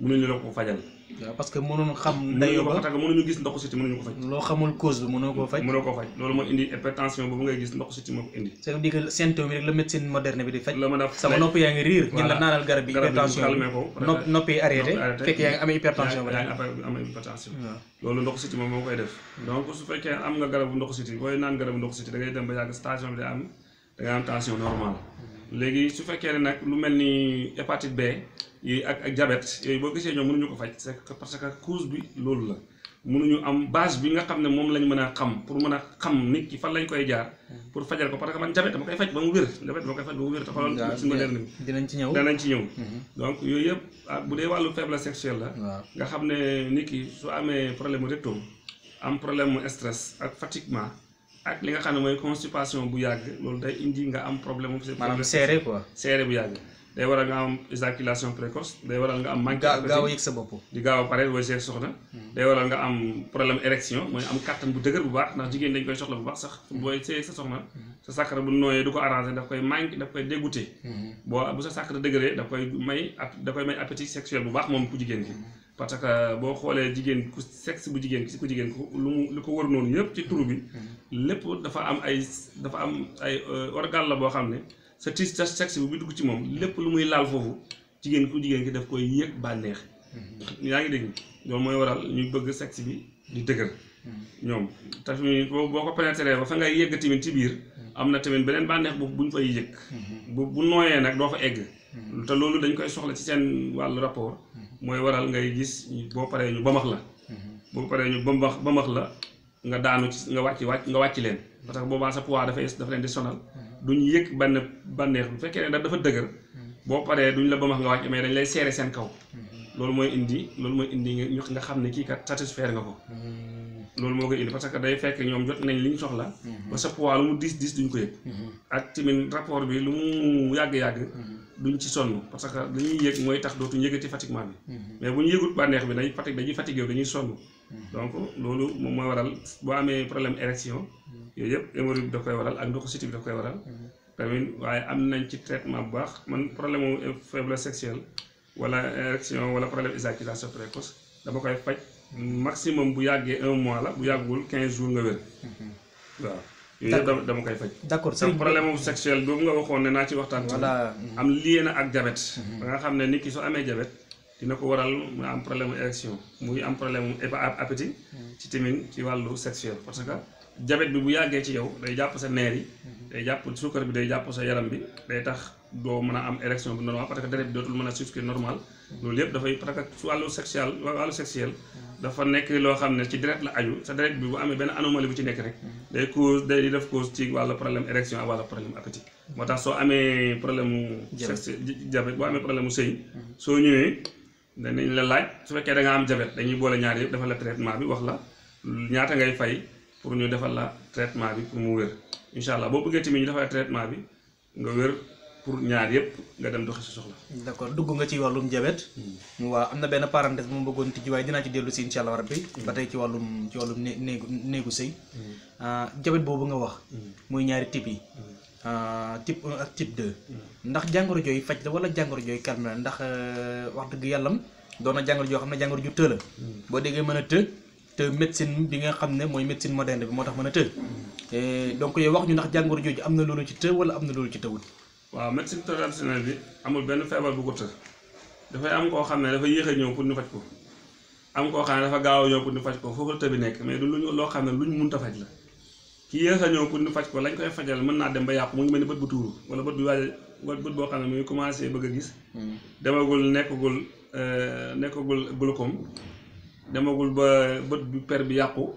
mënuñu la ko fajal. waaw parce que mënuñu xam. dayoo ba mënuñu gis ndoxu siti mënuñu ko faj. loo xamul cause bi mënoo koo faj. mënoo koo faj loolu moo indi hypertension boobu ngay gis ndoxu siti moo ko indi. c'est-à-dire que symptôme yi rek la médecine moderne bi di faj. la mën a sama nopp yaa ngi riir. voilà ñu la naanal garab bi hypertension garab bi ko. nopp nopp yi arrêté fekk yaa ngi amee hypertension. yaa ngi amee hypertension. loolu ndoxu siti moom moo koy def. donc su fekkee am nga garabu ndoxu siti booy naan garabu ndoxu siti da ngay dem ba yàgg station bi day am da ngay am tension normale léegi su fekkee ne nag lu mel ni hépatite B yi ak ak diabète yooyu boo gisee ñoom mënuñu ko faj c'est parce que cause bi loolu la mënuñu am base bi nga xam ne moom lañ mën a xam pour mën a xam nit ki fan lañ koy jaar pour fajal ko parce que man diabète dama koy faj ba mu wér diabète dama koy faj ba mu wér te xoolal suñu leer ni dinañ ci ñëw danañ ci ñëw mm-hmm. donc yooyu yëpp ah, bu dee wàllu faiblesse sexuelle la nga xam ne nit ki su amee problème rectum am problème stress ak fatiguement ak li nga xam ne mooy constipation bu yàgg loolu day indi nga am problème. maanaam seere quoi seere bu yàgg. day waral nga am éjaculation précoce day waral nga am. manque gaaw a sa bopp. di gaaw a pare wala seet soxna. Hmm. day waral nga am problème érection mooy am kattan bu dëgër bu baax ndax jigéen dañ koy soxla bu baax sax hmm. booy seey sa soxna. Hmm. sa sàkkara bu nooyee du ko arrangé daf koy manque daf koy dégoûté. boo bu sa sàkkara dëgëree daf koy may daf koy may appétit sexuel bu baax moom ku jigéen ki. parce que boo xoolee jigéen ku sexe bu jigéen si ko jigéen lu mu lu ko war noonu yëpp ci turu bi mm-hmm. lépp dafa am ay dafa am ay euh, organe la boo xam ne sa tis sa sexe bi bu dugg ci moom lépp lu muy laal foofu jigéen ku jigéen ki daf koy yëg bànneex mm-hmm. yaa ngi dégg loolu mooy waral ñu bëgg sexe bi di dëgër mm-hmm. ñoom tamit boo boo ko pénétré ba fa ngay yëgg tamit ci biir am na tamit beneen bànneex bu buñ fay yëg bu bu nooyee nag doo fa egg te loolu dañ koy soxla ci seen wàllu rapport mooy waral ngay gis boo paree ñu bamax la mm-hmm. boo paree ñu bamax bamax la nga daanu ci nga wàcc wàcc nga wàcc leen parce que boobaa sa poids dafay dafa leen di sonal mm-hmm. duñ yëg bann bànneex bu fekkee ne dafa dëgër mm-hmm. boo paree duñ la bamax nga wàcc mais dañ lay seere seen kaw loolu mooy indi loolu mooy indi nga xam ne kii kat satisfaire nga ko loolu moo koy indi parce que day fekk ñoom jot nañ li soxla. Mhm. ba sa lu mu diis diis duñ ko yëg. Mhm. ak tamit rapport bi lu mu yàgg yàgg. Mhm. duñ ci sonn parce que li ñuy yëg mooy tax dootu dootuñ yëgati fatiguement bi. mais bu ñu yëgut bànneex bi day fatigue dañuy fatigué dañuy sonn. donc loolu moom mooy waral boo amee problème érection. yooyu yëpp hémorroïde bi daf koy waral ak ndoxu siti bi daf koy waral. tamit waaye am nañ ci traitement bu baax man problème mu faiblesse sexuelle wala érection wala problème éjaculation précoce dama koy maximum bu yàggee un mois la bu yàggul quinze jours nga wér. Mhm. waaw yooyu yëpp dama koy faj. d'accord sëñ problème sexuel boobu nga waxoon ne naa ci waxtaan. voilà am lien na ak jabet. Mhm. ba nga xam ne nit ki soo amee jabet. dina ko waral mu am problème mu érection muy am problème mu appétit. Mhm. ci tamit ci wàllu sexuel parce que jabet bi bu yàggee ci yow day jàpp sa neer yi. day jàpp suukar bi day jàpp sa yaram bi day tax doo mën a am érection bu normal parce que deret bi mën a circuler normal. loolu yëpp dafay parce que su wàllu sexuel wàllu sexuel dafa nekk loo xam ne ci deret la aju sa deret bi bu amee benn anomalie bu ci nekk rek day cause day def cause ci wàllu problème érection ak wàllu problème appétit moo tax soo amee problème mu sexe diabète boo amee problème mu sëy soo ñëwee danañ la laaj su fekkee da nga am diabète dañuy boole ñaari yëpp defal la traitement bi wax la ñaata ngay fay pour ñu defal la traitement bi pour mu wér incha allah boo bëggee tamit traitement bi nga pour ñaar yëpp nga dem doxi sa soxla. d' accord dugg nga ci wàllum jabet. Hmm. waaw am na benn parenthèse bu ma bëggoon tijji waaye dinaa ci dellu si incha allah rabbi. Hmm. ba tey ci wàllum ci wàllum né néegu néegu sëy. Hmm. Ah, jabet boobu nga wax. mooy ñaari type yi. Ah, type 1 ak type 2. ndax jàngoro jooy faj la wala jàngoro jooy calme la ndax euh, wax dëgg yàllam doon na jàngoro joo xam ne jàngoro ju të la. boo déggee mën a të te médecine bi nga xam ne mooy médecine moderne bi moo tax mën a të. Eh, donc yow wax ñu ndax jàngoro jooju am na loolu ci të wala am na loolu ci tëwul. waaw médecine traditionnelle bi amul benn feebar bu ko dafay am koo xam ne dafa yéex a ñëw pour ñu faj ko am koo xam ne dafa gaaw a ñëw pour ñu faj ko foofu la tëbi nekk mais du loo xam ne luñ mënta faj la ki yéex a ñëw pour ko lañ koy fajal mën naa dem ba yàqu mu ngi mel ni bët bu tuuru wala bët bu waaj bët boo xam ne mu ngi commencé bëgg a gis hmm. demagul nekkagul euh, nekkagul glaucome demagul ba bët bu per bi yàqu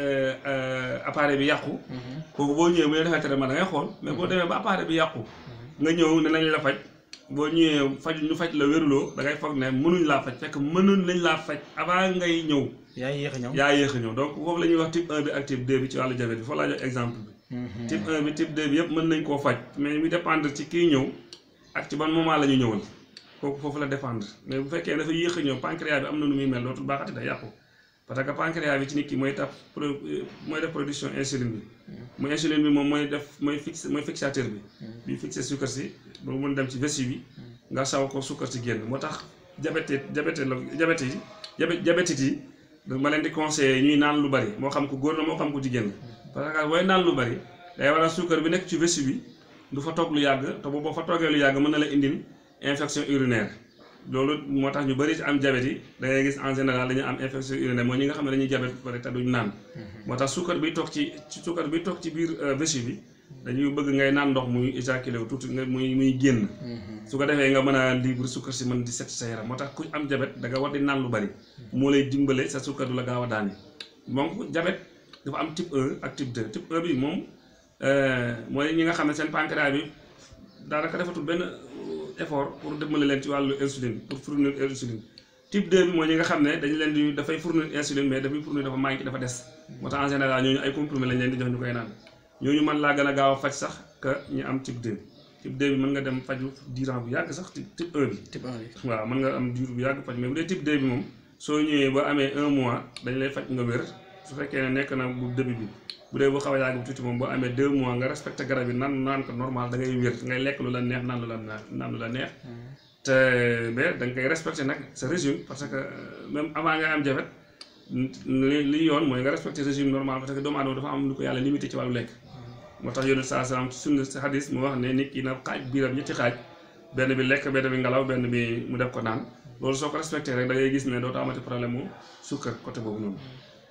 Euh, euh, appareil bi yàqu. Mhm. kooku boo ñëwee bu ñu defee traitement ma ngay xool. mais boo mhm. demee ba appareil bi yàqu. Mhm. nga ñëw ne nañ la faj boo ñëwee faj ñu faj la wéruloo da foog ne mënuñ laa faj fekk mënuñ lañ laa faj avant ngay ñëw. yaa yéex a ñëw yaa yéex a ñëw donc foofu la ñuy wax type 1 bi ak type bi ci wàllu diabète bi foofu laa jox exemple bi. type de bi type yëpp mën nañ koo faj mais mu dépendre ci kii ñëw ak ci ban moment la ñu ñëwal kooku foofu la dépendre mais bu fekkee dafa yéex a ñëw pancréas bi am na nu muy mel dootul baaxati day yàqu parce que pancréas bi ci nit ki mooy tax mooy def production insuline bi. mooy insuline bi moom mooy def mooy fixé mooy fixateur bi. bi fixé suukar si ba mu dem ci vessie bi nga saw ko suukar si génn moo tax diabète diabète la diabète yi diabète yi ma leen di conseillé ñuy naan lu bari moo xam ko góor na moo xam ko jigéen la. parce que naan lu bari day waral suukar bi nekk ci vessie bi du fa toog lu yàgg te bu boo fa toogee lu yàgg mën na la indil infection urinaire. loolu moo tax ñu bëri ci am jabet yi da gis en général dañu am infection urinaire mooy ñi nga xam ne dañuy jabet ba pare te duñ naan. Mhm. moo tax suukar bi toog ci suukar bi toog ci biir euh, vessie bi dañuy bëgg ngay naan ndox muy éjaculé wu tuuti nga muy muy génn. Mhm. su ko defee nga mën a libre suukar si mën di set sa yaram moo tax ku am jabet da nga war di naan lu bëri. Mhm. moo lay dimbale sa suukar du la gaaw a daane. donc jabet dafa am type 1 e ak type 2 type 1 e bi moom euh, mooy ñi nga xam ne seen pancréas bi effort pour dëmmale leen ci wàllu insuline pour fournir insuline type 2 mooy ñi nga xam ne dañu leen di dafay fournir insuline mais dafay fournir dafa manqué dafa des moo tax en général ñooñu ay comprimé lañ leen di jox ñu koy naan ñooñu mën laa gën a gaaw a faj sax que ñu am type 2 type 2 bi mën nga dem faju diiran bu yàgg sax type 1 bi type 1 bi waaw mën nga am diir bu yàgg faj mais bu dee type 2 bi moom soo ñëwee ba amee un mois dañ lay faj nga wér su fekkee ne nekk na bu début bi bu dee boo xawee yàgg tuuti moom boo amee deux mois nga respecté garab yi nan naan ko normal da wér ngay lekk lu la neex naan lu la naan lu la neex mm-hmm. te mais da nga respecté nag sa régime parce que euh, même avant nga am jafet li li yoon mooy nga respecté régime normal parce que doomu aadama dafa am lu ko yàlla limité ci wàllu lekk mm-hmm. moo tax yonent saa salaam sunna si xadis mu wax ne nit ki na xaaj biiram ñetti xaaj benn bi lekk benn bi ngelaw benn bi mu def ko naan loolu soo ko respecté rek da ngay gis ne doo ta amati problème mu sukkar côté boobu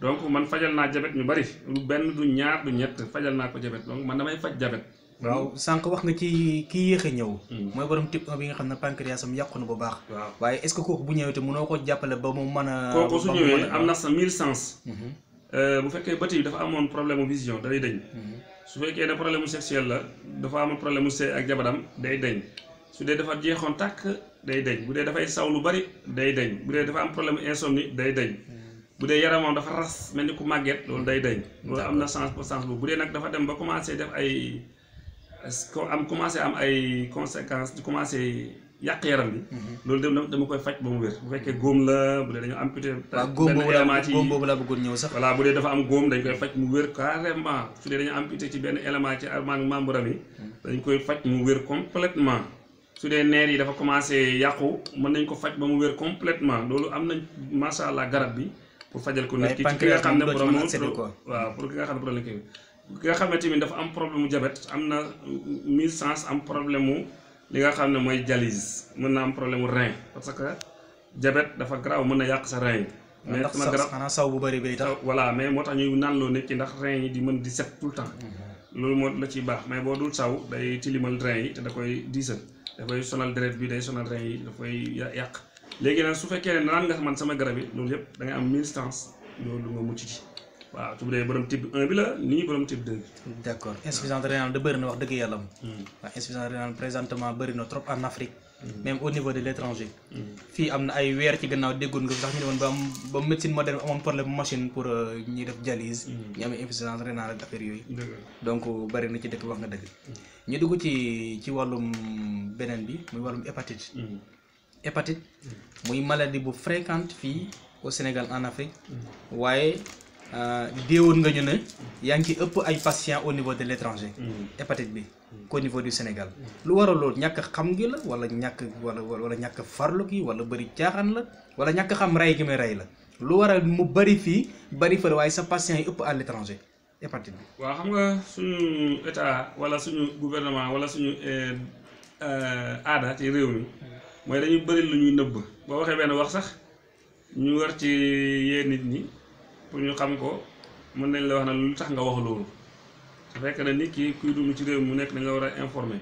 donc man fajal naa jabet ñu bari lu benn du ñaar du ñett fajal naa ko jabet donc man damay faj jabet waaw sànq wax nga ci kii yéex a ñëw hmm. mooy borom type 1 bi nga xam ne pancréas am yàqu na bu baax waaw waaye est-ce que ñëwee te mënoo ko jàppale ba mu mën a kooku su ñëwee mhm. euh, bu fekkee bët yi dafa amoon problème mu vision day dañ mhm. su fekkee ne problème mu sexuel la dafa amoon problème mu sëy ak jabaram day dañ su dee dafa jeexoon tàkk day dañ bu dee dafay saw lu bari day dañ bu dee dafa am problème insomnie day dañ bu dee yaramam dafa ras mel ni ku màgget loolu day day loolu am na chance pour chance boobu bu dee nag dafa dem ba commencé def ay ko am commencé am ay conséquences di commencé yàq yaram bi. Mhm. loolu dem dama koy faj ba mu wér bu fekkee góom la bu dee dañu amputé. waaw góom boobu la bëggoon ñëw sax. bu dee dafa am góom dañ koy faj mu wér carrément su dee dañu amputé ci benn élément ci armaan membre yi. Mhm. dañ koy faj mu wér complètement su dee neer yi dafa commencé yàqu mën nañ ko faj ba mu wér completement loolu am nañ macha allah garab bi. pour fajal ko nit ki ci ki nga xam ne borom waaw pour ki nga xam ne problème kii ki nga xam ne tamit dafa am problème mu diabète am na mille sens am problème mu li nga xam ne mooy dialyse mën na parce que diabète dafa garaaw mën na yàq sa rein mais sama saw bu bëri bay tax voilà mais moo tax ñuy naan loo nit ki ndax rein yi di mën di set tout mhm. loolu moo la ciy baax mais boo dul saw day tilimal rein yi te da koy diisal dafay sonal deret bi day sonal rein yi da yàq léegi nag su fekkee ne naan nga sama garab yi loolu yëpp da am milstance loolu nga mucc ci waaw su bu dee borom type 1 bi la nii borom type 2 bi. d' accord da bëri na wax dëgg yàlla moom. waaw insuffisance présentement bëri na trop en Afrique. Hmm. même au niveau de l' étranger. Hmm. fii am na ay weer ci gannaaw déggoon nga sax ñu ne woon ba am ba médecine moderne amoon problème machine pour euh, ñuy def dialyse. Hmm. ñu amee insuffisance rénale ak affaire yooyu. donc bëri na ci dëkk wax nga dëgg. ñu dugg ci ci wàllum beneen bi muy wàllum hépatite. hépatite muy maladie bu fréquente fii au Sénégal en Afrique waaye euh, déewoon nga ñu ne yaa ngi ci ëpp ay patients au niveau de l' étranger mm. hépatite bi mm. qu'au niveau du Sénégal lu waral loolu ñàkk xam gi la wala ñàkk wala wala ñàkk farlu ki wala bëri caaxaan la wala ñàkk xam rey gi rey la lu waral mu bëri fii bëri fa waaye sa patients yi ëpp à l' hépatite bi waaw xam nga suñu état wala suñu gouvernement wala suñu euh, euh, aada ci réew mi mm. mooy dañuy bëri lu ñuy nëbb boo waxee benn wax sax ñu war ci yee nit ñi pour ñu xam ko mën nañ la wax na lu tax nga wax loolu su fekk na nit ki kuy dund ci réew mu nekk da nga war a informer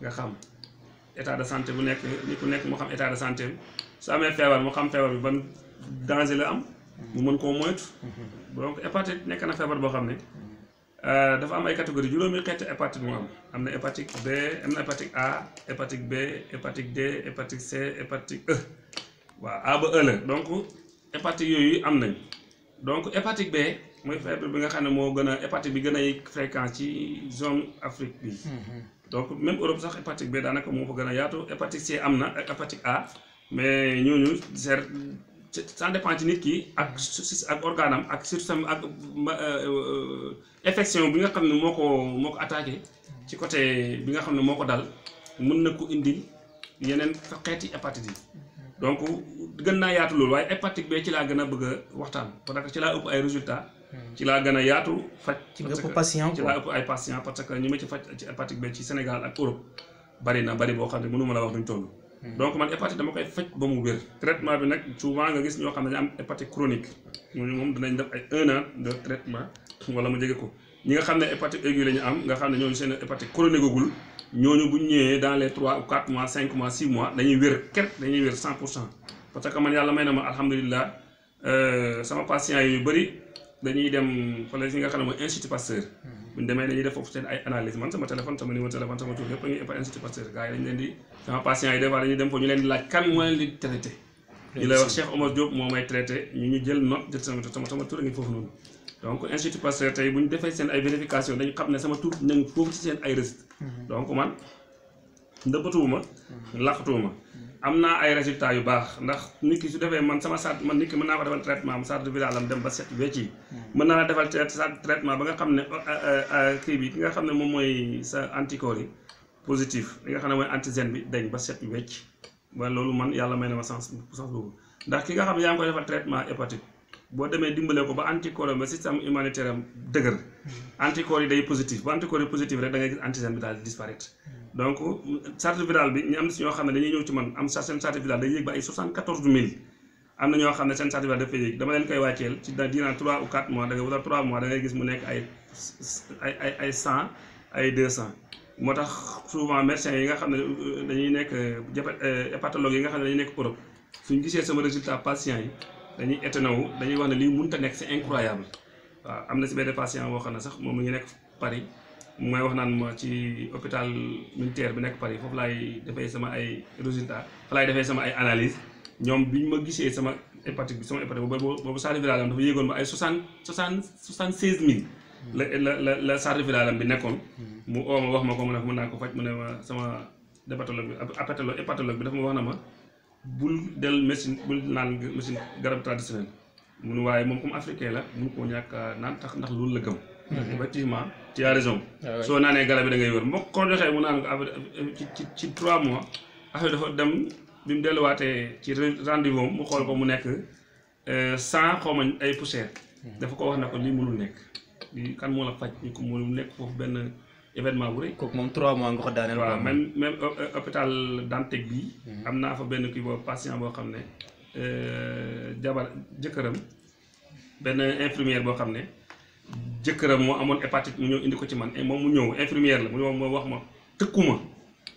nga xam état de santé bu nekk nit ku nekk mu xam état de santé bi su amee feebar mu xam feebar bi ban danger la am mu mën koo moytu mm-hmm. donc hépatite nekk na feebar boo xam ne Euh, dafa am ay catégorie juróomi xeeti hépatite moo am am na hépatique B am na hépatique A hépatique B hépatique D hépatique C hépatique E waaw A ba E la donc hépatite yooyu am nañ donc hépatique B mooy feebar bi nga xam ne moo gën a hépatite bi gën a fréquent ci zone Afrique bi mm-hmm. donc même Europe sax hépatique B daanaka moom fa gën a yaatu hépatique C am na ak hépatique A mais ñooñu ser ça dépend ci nit ki ak ak organam ak surtout ak euh, euh, infection bi nga xam ne moo ko moo ko attaqué ci côté bi nga xam ne moo ko dal mën na ko indi yeneen xeeti hépatite yi donc gën naa yaatu loolu waaye hépatite bee ci laa gën a bëgg a waxtaan parce que ci laa ëpp ay résultats. Hmm. ci laa gën a yaatu faj. ci ëpp patient ci laa ëpp patient parce que ñu ma ci faj ci hépatite bee ci Sénégal ak Europe bari na bari boo xam ne mënu ma la wax duñ toll. Hmm. donc man hépatite dama koy faj ba mu wér. traitement bi nag souvent nga gis ñoo xam ne dañu am hépatite chronique ñooñu moom dinañ def ay un an traitement wala mu jege ko ñi nga xam ne hépatite aiguë la ñu am nga xam ne ñooñu seen hépatite chronique agul ñooñu bu ñu ñëwee dans les trois ou quatre mois cinq mois six mois dañuy wér ker dañuy wér cent pour cent parce que man yàlla may na ma alhamdulilah euh, sama patients yu bëri dañuy dem fële si nga xam ne mooy institut Pasteur. Hmm. buñ demee dañuy def foofu seen ay analyse man sama ñu leen di laaj kan moo leen di traité ñu lay wax tey bu ñu defee seen ay vérification dañu xam ne sama tur nañ foofu ci seen ay résultats mhm. donc man ndëbbatuwuma laqatuwuma am naa ay résultats yu baax ndax nit ki su defee man sama sart man nit mën naa ko defal traitement mu sart viral am dem ba set wecc yi hmm. mën naa la defal traitement ba nga xam ne euh, euh, euh, kii bi ki nga xam ne moom mooy sa anticorps yi positif li nga xam ne mooy antigène bi dañ ba set wecc ba loolu man yàlla may na ma sens sens boobu ndax ki nga xam ne yaa ngi koy defal traitement hépatique boo demee dimbalee ko ba anticorps ba système immunitaire am dëgër hmm. anticorps yi day positif ba anticorps yi positif rek da ngay gis antigène bi daal di donc charge virale bi ñu am na si ñoo xam ne dañuy ñëw ci man am seen charge virale day yéeg ba ay 74000 am na ñoo xam ne seen charge virale dafay yéeg dama leen koy wàcceel ci diina 3 ou 4 mois da gis mu nekk ay ay ay ay 100 cent moo tax souvent médecins yi nga xam ne euh, dañuy nekk euh, euh, hépatologue yi nga xam ne dañuy nekk Europe suñu gisee sama résultat patient yi dañuy étonné wu dañuy wax ne lii mënut a nekk c'est incroyable waaw am na si benn boo xam ne sax moom mu ngi nekk Paris. mooy wax naan ma ci hôpital militaire bi nekk Paris foofu laay defee sama ay résultats fa laay defee sama ay analyse ñoom bi ñu ma gisee sama hépatique bi sama hépatique boobu boobu charge virale am dafa yéegoon ba la la la la bi nekkoon mu oo wax ma ko mu ne mën naa ko faj mu ne ma sama hépatologue bi hépatologue bi dafa ma wax na ma bul del médecine bul naan médecine garab traditionnel mu ne waaye moom comme africain la mun koo ñàkk naan tax ndax loolu la gëm mm-hmm. ci as raison ah soo naanee garab yi da ngay wér mbokk koo joxee mu naan ko ci ci trois mois affaire dafa dem bi mu delluwaatee ci rendez-vous mu xool ko mu nekk euh, cent xaw ma ay poussière hmm. dafa ko wax ne ko lii mënul nekk lii kan moo la faj ñu ko mënul nekk foofu benn événement bu rëy. kooku moom trois mois nga ko daaneel. waaw même même euh, euh, hôpital Dantec bi hmm. am naa fa benn kii boobu patient boo xam ne jabar jëkkëram benn infirmière boo xam ne jëkkëram moo amoon hépatite mu ñëw indi ko ci man moom mu ñëw infirmière la mu ñëw ma wax ma tëkku ma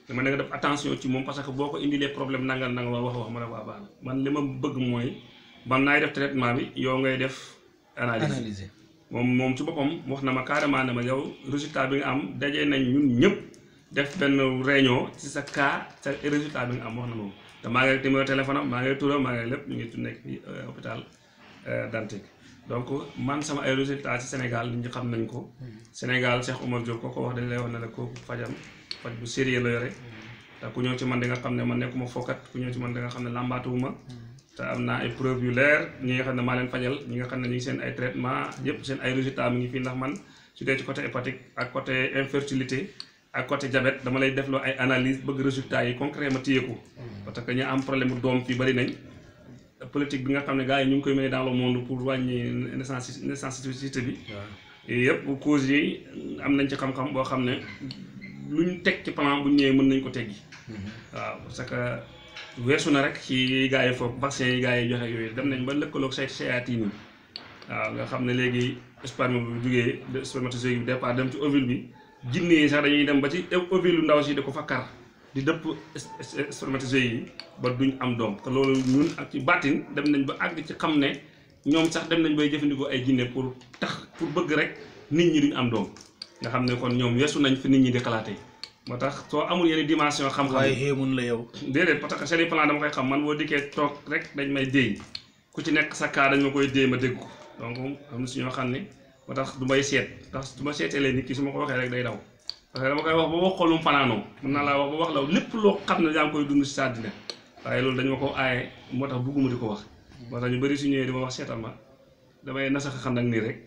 dama ne nga def attention ci moom parce que boo ko indilee problème nangal na wa wax wax ma ne waa baax na man li ma bëgg mooy man naay def traitement bi yow ngay def analyse moom moom ci boppam wax na ma carrément ma yow résultat bi nga am dajee nañ ñun ñëpp def benn réunion ci sa cas sa résultat bi nga am wax na moom te maa ngi numéro téléphone maa ngi turam maa ngi lépp ñu ngi nekk fii euh, hôpital euh, donc man sama ay résultats ci Sénégal li ñu xam nañ ko Sénégal Cheikh Omar Diop ko ko dañ lay wax ne la ko fajam faj bu sérieux la yore te ku ñëw ci man di nga xam ne ma nekkuma fookat ku ñëw ci man di xam ne làmbaatuwuma te am na ay preuve yu leer ñi nga xam ne maa leen fajal ñi nga xam ne ñu ngi seen ay traitement yépp seen ay résultats mi ngi fii ndax man su dee ci côté hépatique ak côté infertilité ak côté diabète dama lay defloo ay analyse bëgg résultats yi concret ma téye ko politique bi nga xam ne gars yi ñu ngi koy mené dans le monde pour wàññi naissance naissance bi. yëpp causes yi am nañ ci xam-xam boo xam ne luñ teg ci plan bu ñëwee mën nañ ko teg teggi. Mm-hmm. waaw parce que weesu na rek ci gaa yi foofu vaccin yi gars yi joxe yooyu dem nañ ba lëkkaloo say seeyaat yi waaw nga xam ne léegi sperme bu jugee spermatozoïde bi départ dem ci ovule bi jinne yi sax dañuy dem ba ci ovule lu ndaw si da ko fa kar di dëpp spermatisé yi ba duñ am doom te loolu ñun ak ci bàttin dem nañ ba àgg ci xam ne ñoom sax dem nañ bay jëfandikoo ay jinne pour tax pour bëgg rek nit ñi duñ am doom nga xam ne kon ñoom weesu nañ fi nit ñi di xalaatee moo tax soo amul yenn dimension xam-xam waaye xéemun la yow déedéet parce que seen plan dama koy xam man boo dikkee toog rek dañ may déy ku ci nekk sa kaa dañ koy déy ma dégg ko donc am na xam ne moo tax du may seet ndax du ma seetee leen nit ki su ma ko waxee rek day daw parce que dama koy wax ba waxoon lu mu fanaanoo mën naa laa wax ba wax la lépp loo xam ne yaa ngi koy dund si sa àddina waaye loolu dañu ma ko aaye moo tax bugguma di ko wax moo tax ñu bari su ñëwee di ma wax seetal ma damay nasaxa xam nag nii rek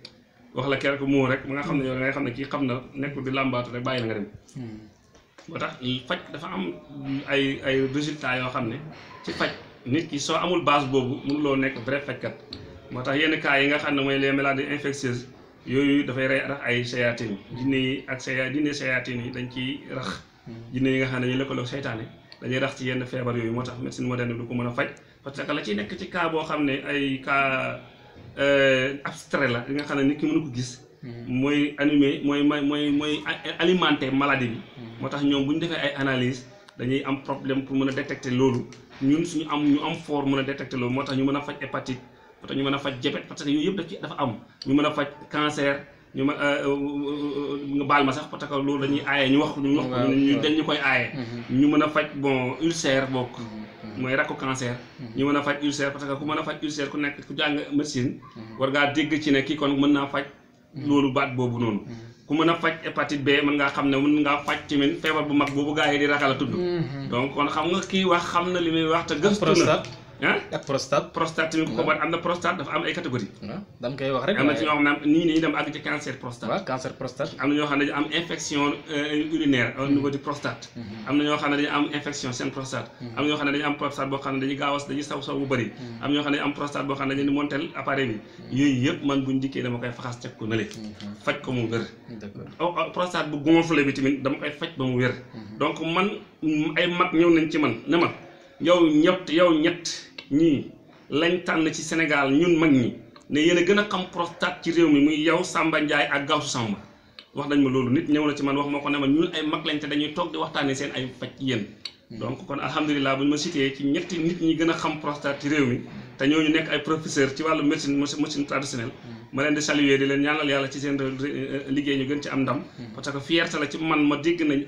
wax la kerk moo rek ba nga xam ne yow da xam ne kii xam na nekkul di làmbaatu rek bàyyi la nga dem hmm. moo tax faj dafa am ay ay résultats yoo xam ne ci faj nit ki soo amul base boobu mun loo nekk vrai fajkat moo tax yenn cas yi nga xam ne mooy les maladies infectieuses yooyu dafay rax ay sayaatin jinne yi ak saya jinne sayaatin yi dañ ciy rax hmm. jinne yi nga xam ne dañuy lëkkaloog seytaane dañuy rax ci yenn feebar yooyu moo tax médecine moderne bi du ko mën a faj parce que la ci nekk ci cas boo xam ne ay cas euh, abstrait la li nga xam ne nit ki mënu ko gis hmm. mooy animé mooy mooy mooy mooy alimenté maladie bi hmm. moo tax ñoom bu ñu defee ay analyse dañuy am problème pour mën a détecter loolu ñun suñu am ñu am fort mën a détecter loolu moo tax ñu mën a faj hépatite parce ñu mën a faj jabet parce yooyu yëpp daf ci dafa am ñu mën a faj cancer ñu ma euh, euh, euh, nga baal ma sax parce que loolu dañuy aaye ñu wax ñu wax ñu dañ ñu koy aaye mm-hmm. ñu mën a faj bon ulcère bokk mm-hmm. mooy rakku cancer mm-hmm. ñu mën a faj ulcère parce que ku mën a faj ulcère ku nekk ku jàng médecine war ngaa dégg ci ne kii kon mën naa faj loolu baat boobu noonu ku mën a faj hépatite B mën ngaa xam ne mën ngaa faj tamit feebar bu mag boobu gaa yi di ragal a tudd donc kon xam nga li wax te gëstu na ak prostate prostate tamit ko war am na prostate dafa am ay catégorie dama koy wax rek am na ci ñoo xam ne nii nii dem àgg ci cancer prostate waaw cancer prostate am na ñoo xam ne dañu am infection euh, urinaire au niveau du prostate mhm. am na ñoo xam ne dañu am infection seen prostate mhm. am na ñoo xam ne dañu am prostate boo xam ne dañuy gaaw a dañuy saw saw bu bëri mhm. am ñoo xam ne dañu am prostate boo xam ne dañu montel appareil bi yooyu yëpp man buñ dikkee dama koy faxas teg ko nële faj ko mu wér oh, oh, prostate bu gonflé bi tamit dama koy faj ba mu wér donc man ay mag ñëw nañ ci man ne man yow ñett yow ñett ñii lañ ci Sénégal ñun mag ñi ne yéen a gën a xam prostate ci réew mi muy yow Samba Ndiaye ak Gawsu Samba wax nañ ma loolu nit ñëw na ci man wax ma ko ne ma ñun ay mag lañ te dañuy toog di waxtaanee seen ay faj yéen. donc kon alhamdulilah bu ñu ma cité ci ñetti nit ñi gën a xam prostate ci réew mi te ñoo ñu nekk ay professeur ci wàllu médecine médecine traditionnelle. ma leen di saluer di leen ñaanal yàlla ci seen liggéey ñu gën ci am ndam. Mm. parce que fierté la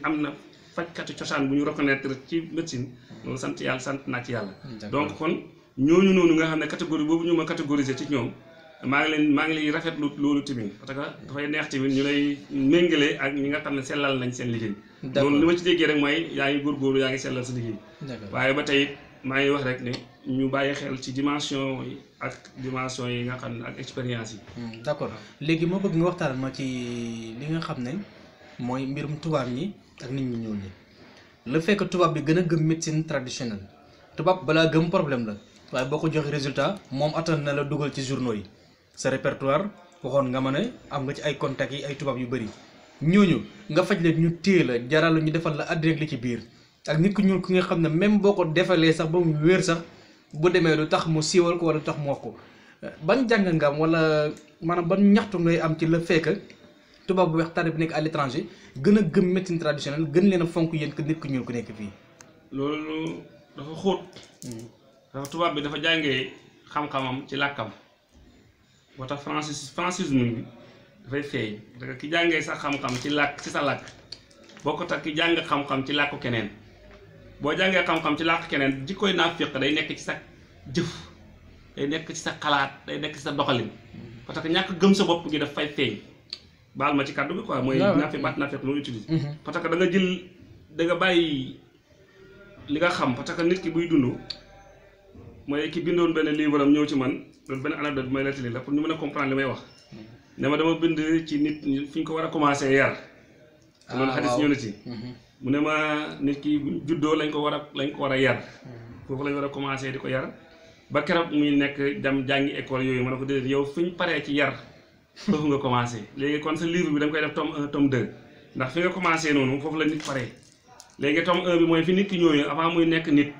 am na fajkati cosaan bu ñu reconnaître ci médecine loolu sant yàlla sant naa ci yàlla donc kon ñooñu noonu nga xam ne catégorie boobu ñu ma catégoriser ci ñoom maa ngi leen maa ngi lay rafetlu loolu tamit parce que dafay neex tamit ñu lay méngale ak ñi nga xam ne sellal nañ seen liggéey loolu li ma ci déggee rek mooy yaa ngi góorgóorlu yaa ngi sellal sa liggéey waaye ba tey maa ngi wax rek ne ñu bàyyi xel ci dimension yi ak dimension yi nga xam ne ak expérience yi hmm, d'accord léegi moo bëgg nga waxtaan ma ci li nga xam ne mooy mu tubaab ñi ak nit ñi ñuul ñi le fekk tubaab bi gën a gëm médecine traditionnelle tubaab balaa gëm problème la waaye boo ko joxee résultat moom attan na la dugal ci journaux yi sa répertoire waxoon nga ma ne am nga ci ay contacts yi ay tubaab yu bëri ñooñu nga faj leen ñu téye la jaral ñu defal la àddina li ci biir ak nit ku ñuul ki nga xam ne même boo ko defalee sax ba mu wér sax bu demee lu tax mu siiwal ko walla lu tax mu wax ko ban jàng nga am wala maanaam ban ñaxtu ngay am ci le fait tubaab bu weex tànn bi nekk à l'étranger gën a gëm médecine traditionnelle gën leen a fonk yéen que nit ko ñuul ku nekk fii. loolu dafa xóot. Hmm. dafa tubaab bi dafa jàngee xam ci làkkam moo tax francis francisme bi dafay ki jàngee sa xam ci làkk ci sa làkk bokkut ak ki jàng xam-xam ci làkku keneen boo jàngee xam-xam ci làkk keneen jikkooy naafiq day nekk ci sa jëf day nekk ci sa xalaat day nekk ci sa doxalin parce hmm. que ñàkk gëm sa bopp gi daf feeñ. baal ma ci kàddu bi quoi mooy naafeq baat naafeq loolu utiliser mhm. parce que da jël da nga bàyyi li nga xam parce que nit ki buy dund mooy ki bindoon benn livre am ñëw ci man loolu benn anecdote bi may nettali la pour ñu mën a comprendre li may wax ne ma dama bind ci nit fi ñu ko war a commencé yar te ah, loolu xadis ñëw na ci mhm. mu ne ma nit ki juddoo lañ ko war a lañ ko war a yar mhm. foofu lañ war a commencé di ko yar ba keroog muy nekk dem jàngi école yooyu ma ne ko déedéet yow fi ñu paree ci yar foofu nga commencé léegi kon sa livre bi dam koy def tome 1 tome ndax fi nga commencé noonu foofu la nit pare léegi tome 1 bi mooy fi nit ki ñëwee avant muy nekk nit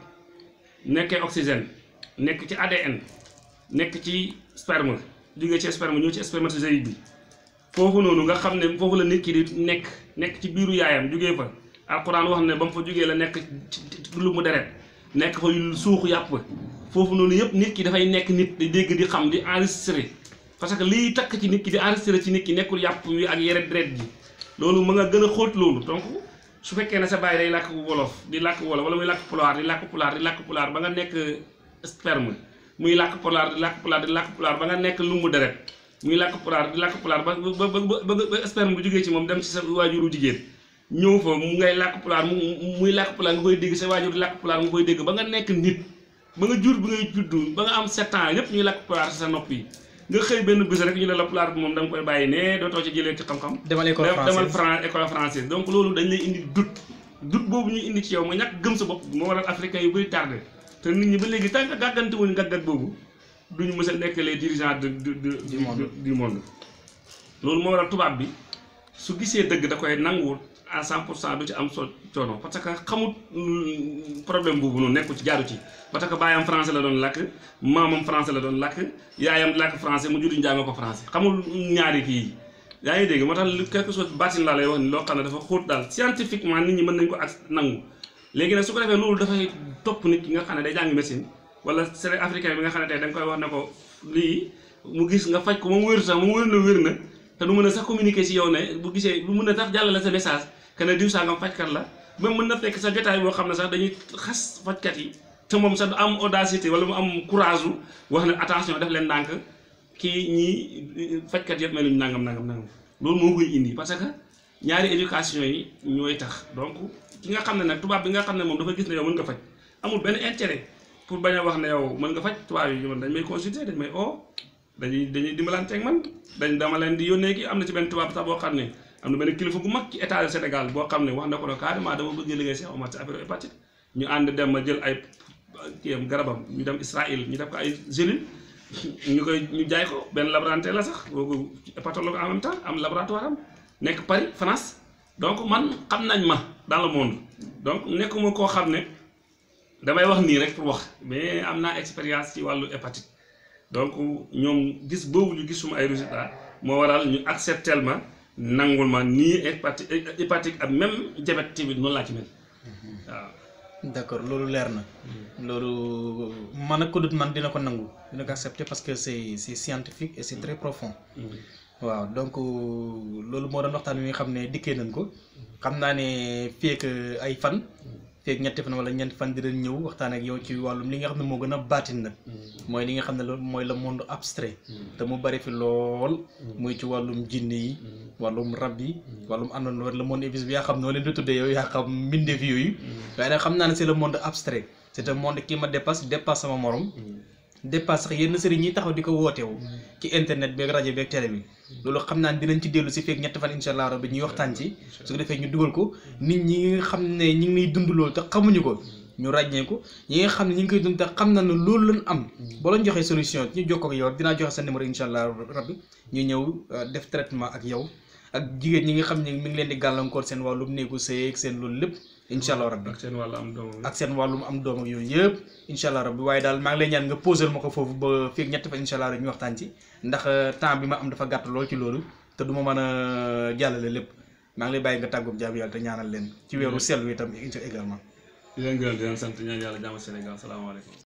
nekkee oxygène nekk ci ADN nekk ci sperme jógee ci sperme ñëw ci spermatozoïde bi foofu noonu nga xam ne foofu la nit ki di nekk nekk ci biiru yaayam jógee fa alxuraan wax ne ba mu fa jógee la nekk ci lu mu deret nekk fa suuxu yàpp foofu noonu yëpp nit ki dafay nekk nit di dégg di xam di parce que liy takk ci nit ki di enregistré ci nit ki nekkul yàpp wi ak yeret deret ji loolu mën nga gën a xóot loolu donc su fekkee ne sa bàyyi day làkk wolof di làkk wolof wala muy làkk pulaar di làkk pulaar làkk pulaar ba nga nekk sperme muy làkk pulaar di làkk pulaar di làkk ba nga nekk lumbu deret muy làkk pulaar di làkk pulaar ba ba ba ba sperme bu jógee ci moom dem ci sa waajuru jigéen ñëw fa mu ngay làkk pulaar mu muy làkk pulaar nga koy dégg sa waajur di làkk pulaar nga koy dégg ba nga nekk nit ba nga jur bi ngay juddu ba am sept ans yépp ñuy làkk sa nopp yi nga xëy benn bés rek ñu ne la pulaar moom da nga koy bàyyi ne dootoo ci jëlee ci xam-xam. demal école française demal fran école française donc loolu dañ lay indi doute doute boobu ñu indi ci yow ma ñàkk gëm sa bopp moo waral africain yu bëri tardé te nit ñi ba léegi tant que gàggante wuñ gàggat boobu duñu mës a nekk les dirigeants de de du monde du monde loolu moo waral tubaab bi su gisee dëgg da koy nanguwul à 100 pour cent du ci am so coono parce que xamut mm, problème boobu noonu nekku ci jaaru ci parce que baayam français la doon làkk maamam français la doon làkk yaayam làkk français mu juddu njàng ko français xamul ñaari kii yaa ngi dégg moo tax lu quelque chose baatin laa lay wax ni loo xam ne dafa xóot daal scientifiquement nit ñi mën nañ ko ak nangu léegi nag su ko defee loolu dafay topp nit ki nga xam ne day jàngi médecine wala sere africain bi nga xam ne tey koy wax ne ko mu gis nga faj ko moom wér sax moom wér na wér na te du mën a sax communiquer ci yow ne bu gisee du mën a sax jàllale sa message kenn diw sangam fajkat la même mën na fekk sa jotaay boo xam ne sax dañuy xas fajkat yi te moom sax am audacité wala mu am courage wax ne attention def leen ndànk kii ñii fajkat yëpp meluñ nangam nangam nangam loolu moo indi parce que ñaari éducation yi ñooy tax donc ki nga xam ne nag tubaab bi nga xam ne moom dafa gis ne yow mën nga faj amul benn intérêt pour bañ a wax ne yow mën nga faj tubaab yi man dañ may consulter dañ may o dañuy dañuy dimbalanteeg man dañ dama leen di yónnee ki am na ci benn tubaab sax boo xam ne am na benn kilifa gu mag ci état Sénégal boo xam ne wax na ko ne carrément dama bëgg liggéey Cheikh Omar ci affaire hépatite ñu ànd dem ma jël ay kiyam garabam ñu dem Israël ñu def ko ay gélules ñu koy ñu jaay ko benn laboranté la sax boobu hépatologue en même am laboratoire am nekk Paris France donc man xam nañ ma dans le monde donc nekkuma koo xam ne damay wax nii rek pour wax mais am naa expérience ci wàllu hépatite donc ñoom gis boobu ñu gisuma ay résultats moo waral ñu accepté tellement nangul ma nii hépatique ak même diabète tamit noonu laa ci mel waaw. d'accord loolu leer na. loolu man ak ku dut man dina ko nangu dina ko accepter parce que c'est c'est scientifique et c'est très profond. Mm-hmm. waaw donc euh, loolu moo doon waxtaan wi xam ne dikkee nañ ko. xam naa ne fii ay fan. feeg ñetti fan wala ñeent fan di leen ñëw waxtaan ak yow ci wàllum li nga xam ne moo gën a baatin nag mm. mooy li nga xam ne loolu mooy le monde abstrait mm. te mu bari fi lool mm. muy ci wàllum jinne yi wàllum rab yi wàllum àndoon wala le monde invisible yaa xam noo leen di tuddee yow yaa xam mbindeef yooyu waaye nag xam naa ne c'est le monde abstrait c'est un monde qui me dépasse dépasse sama morom dépasse sax yenn sëriñ ñi taxaw di ko wootewu mm. ci internet beeg rajo beeg télé bi mm. loolu xam naa dinañ ci dellu si feeg ñett fan incha allah rabbi ci mm. su ñu dugal ko nit ñi nga xam ne ñi ngi lay dund loolu xamuñu ko ñu ràññee ñi nga xam ne ñi ngi koy dund te xam na ne loolu lan am boo lañ joxee solution ñu jokkoo ko yow dinaa joxe sa numéro incha allah rabbi ñu ñëw euh, def traitement ak yow ak jigéen ñi nga xam ne mu ngi leen di gàllankoor seen wàllum néegu sëy ak seen loolu lépp incha allah rabbi ak seen wàllu am doom ak seen wàllum am doom yooyu yëpp incha allah rabbi waaye daal maa ngi lay ñaan nga posel ma ko foofu ba fii ak ñett fa incha allah rek ñu waxtaan ci ndax euh, temps bi ma am dafa gàtt lool ci loolu te du ma man a euh, jàllale lépp maa ngi bàyyi nga tàggoog jaamu yàlla te ñaanal leen ci weeru sel wi itam également di leen gërëm di leen sant ñaan yàlla jàmm Sénégal salaamaaleykum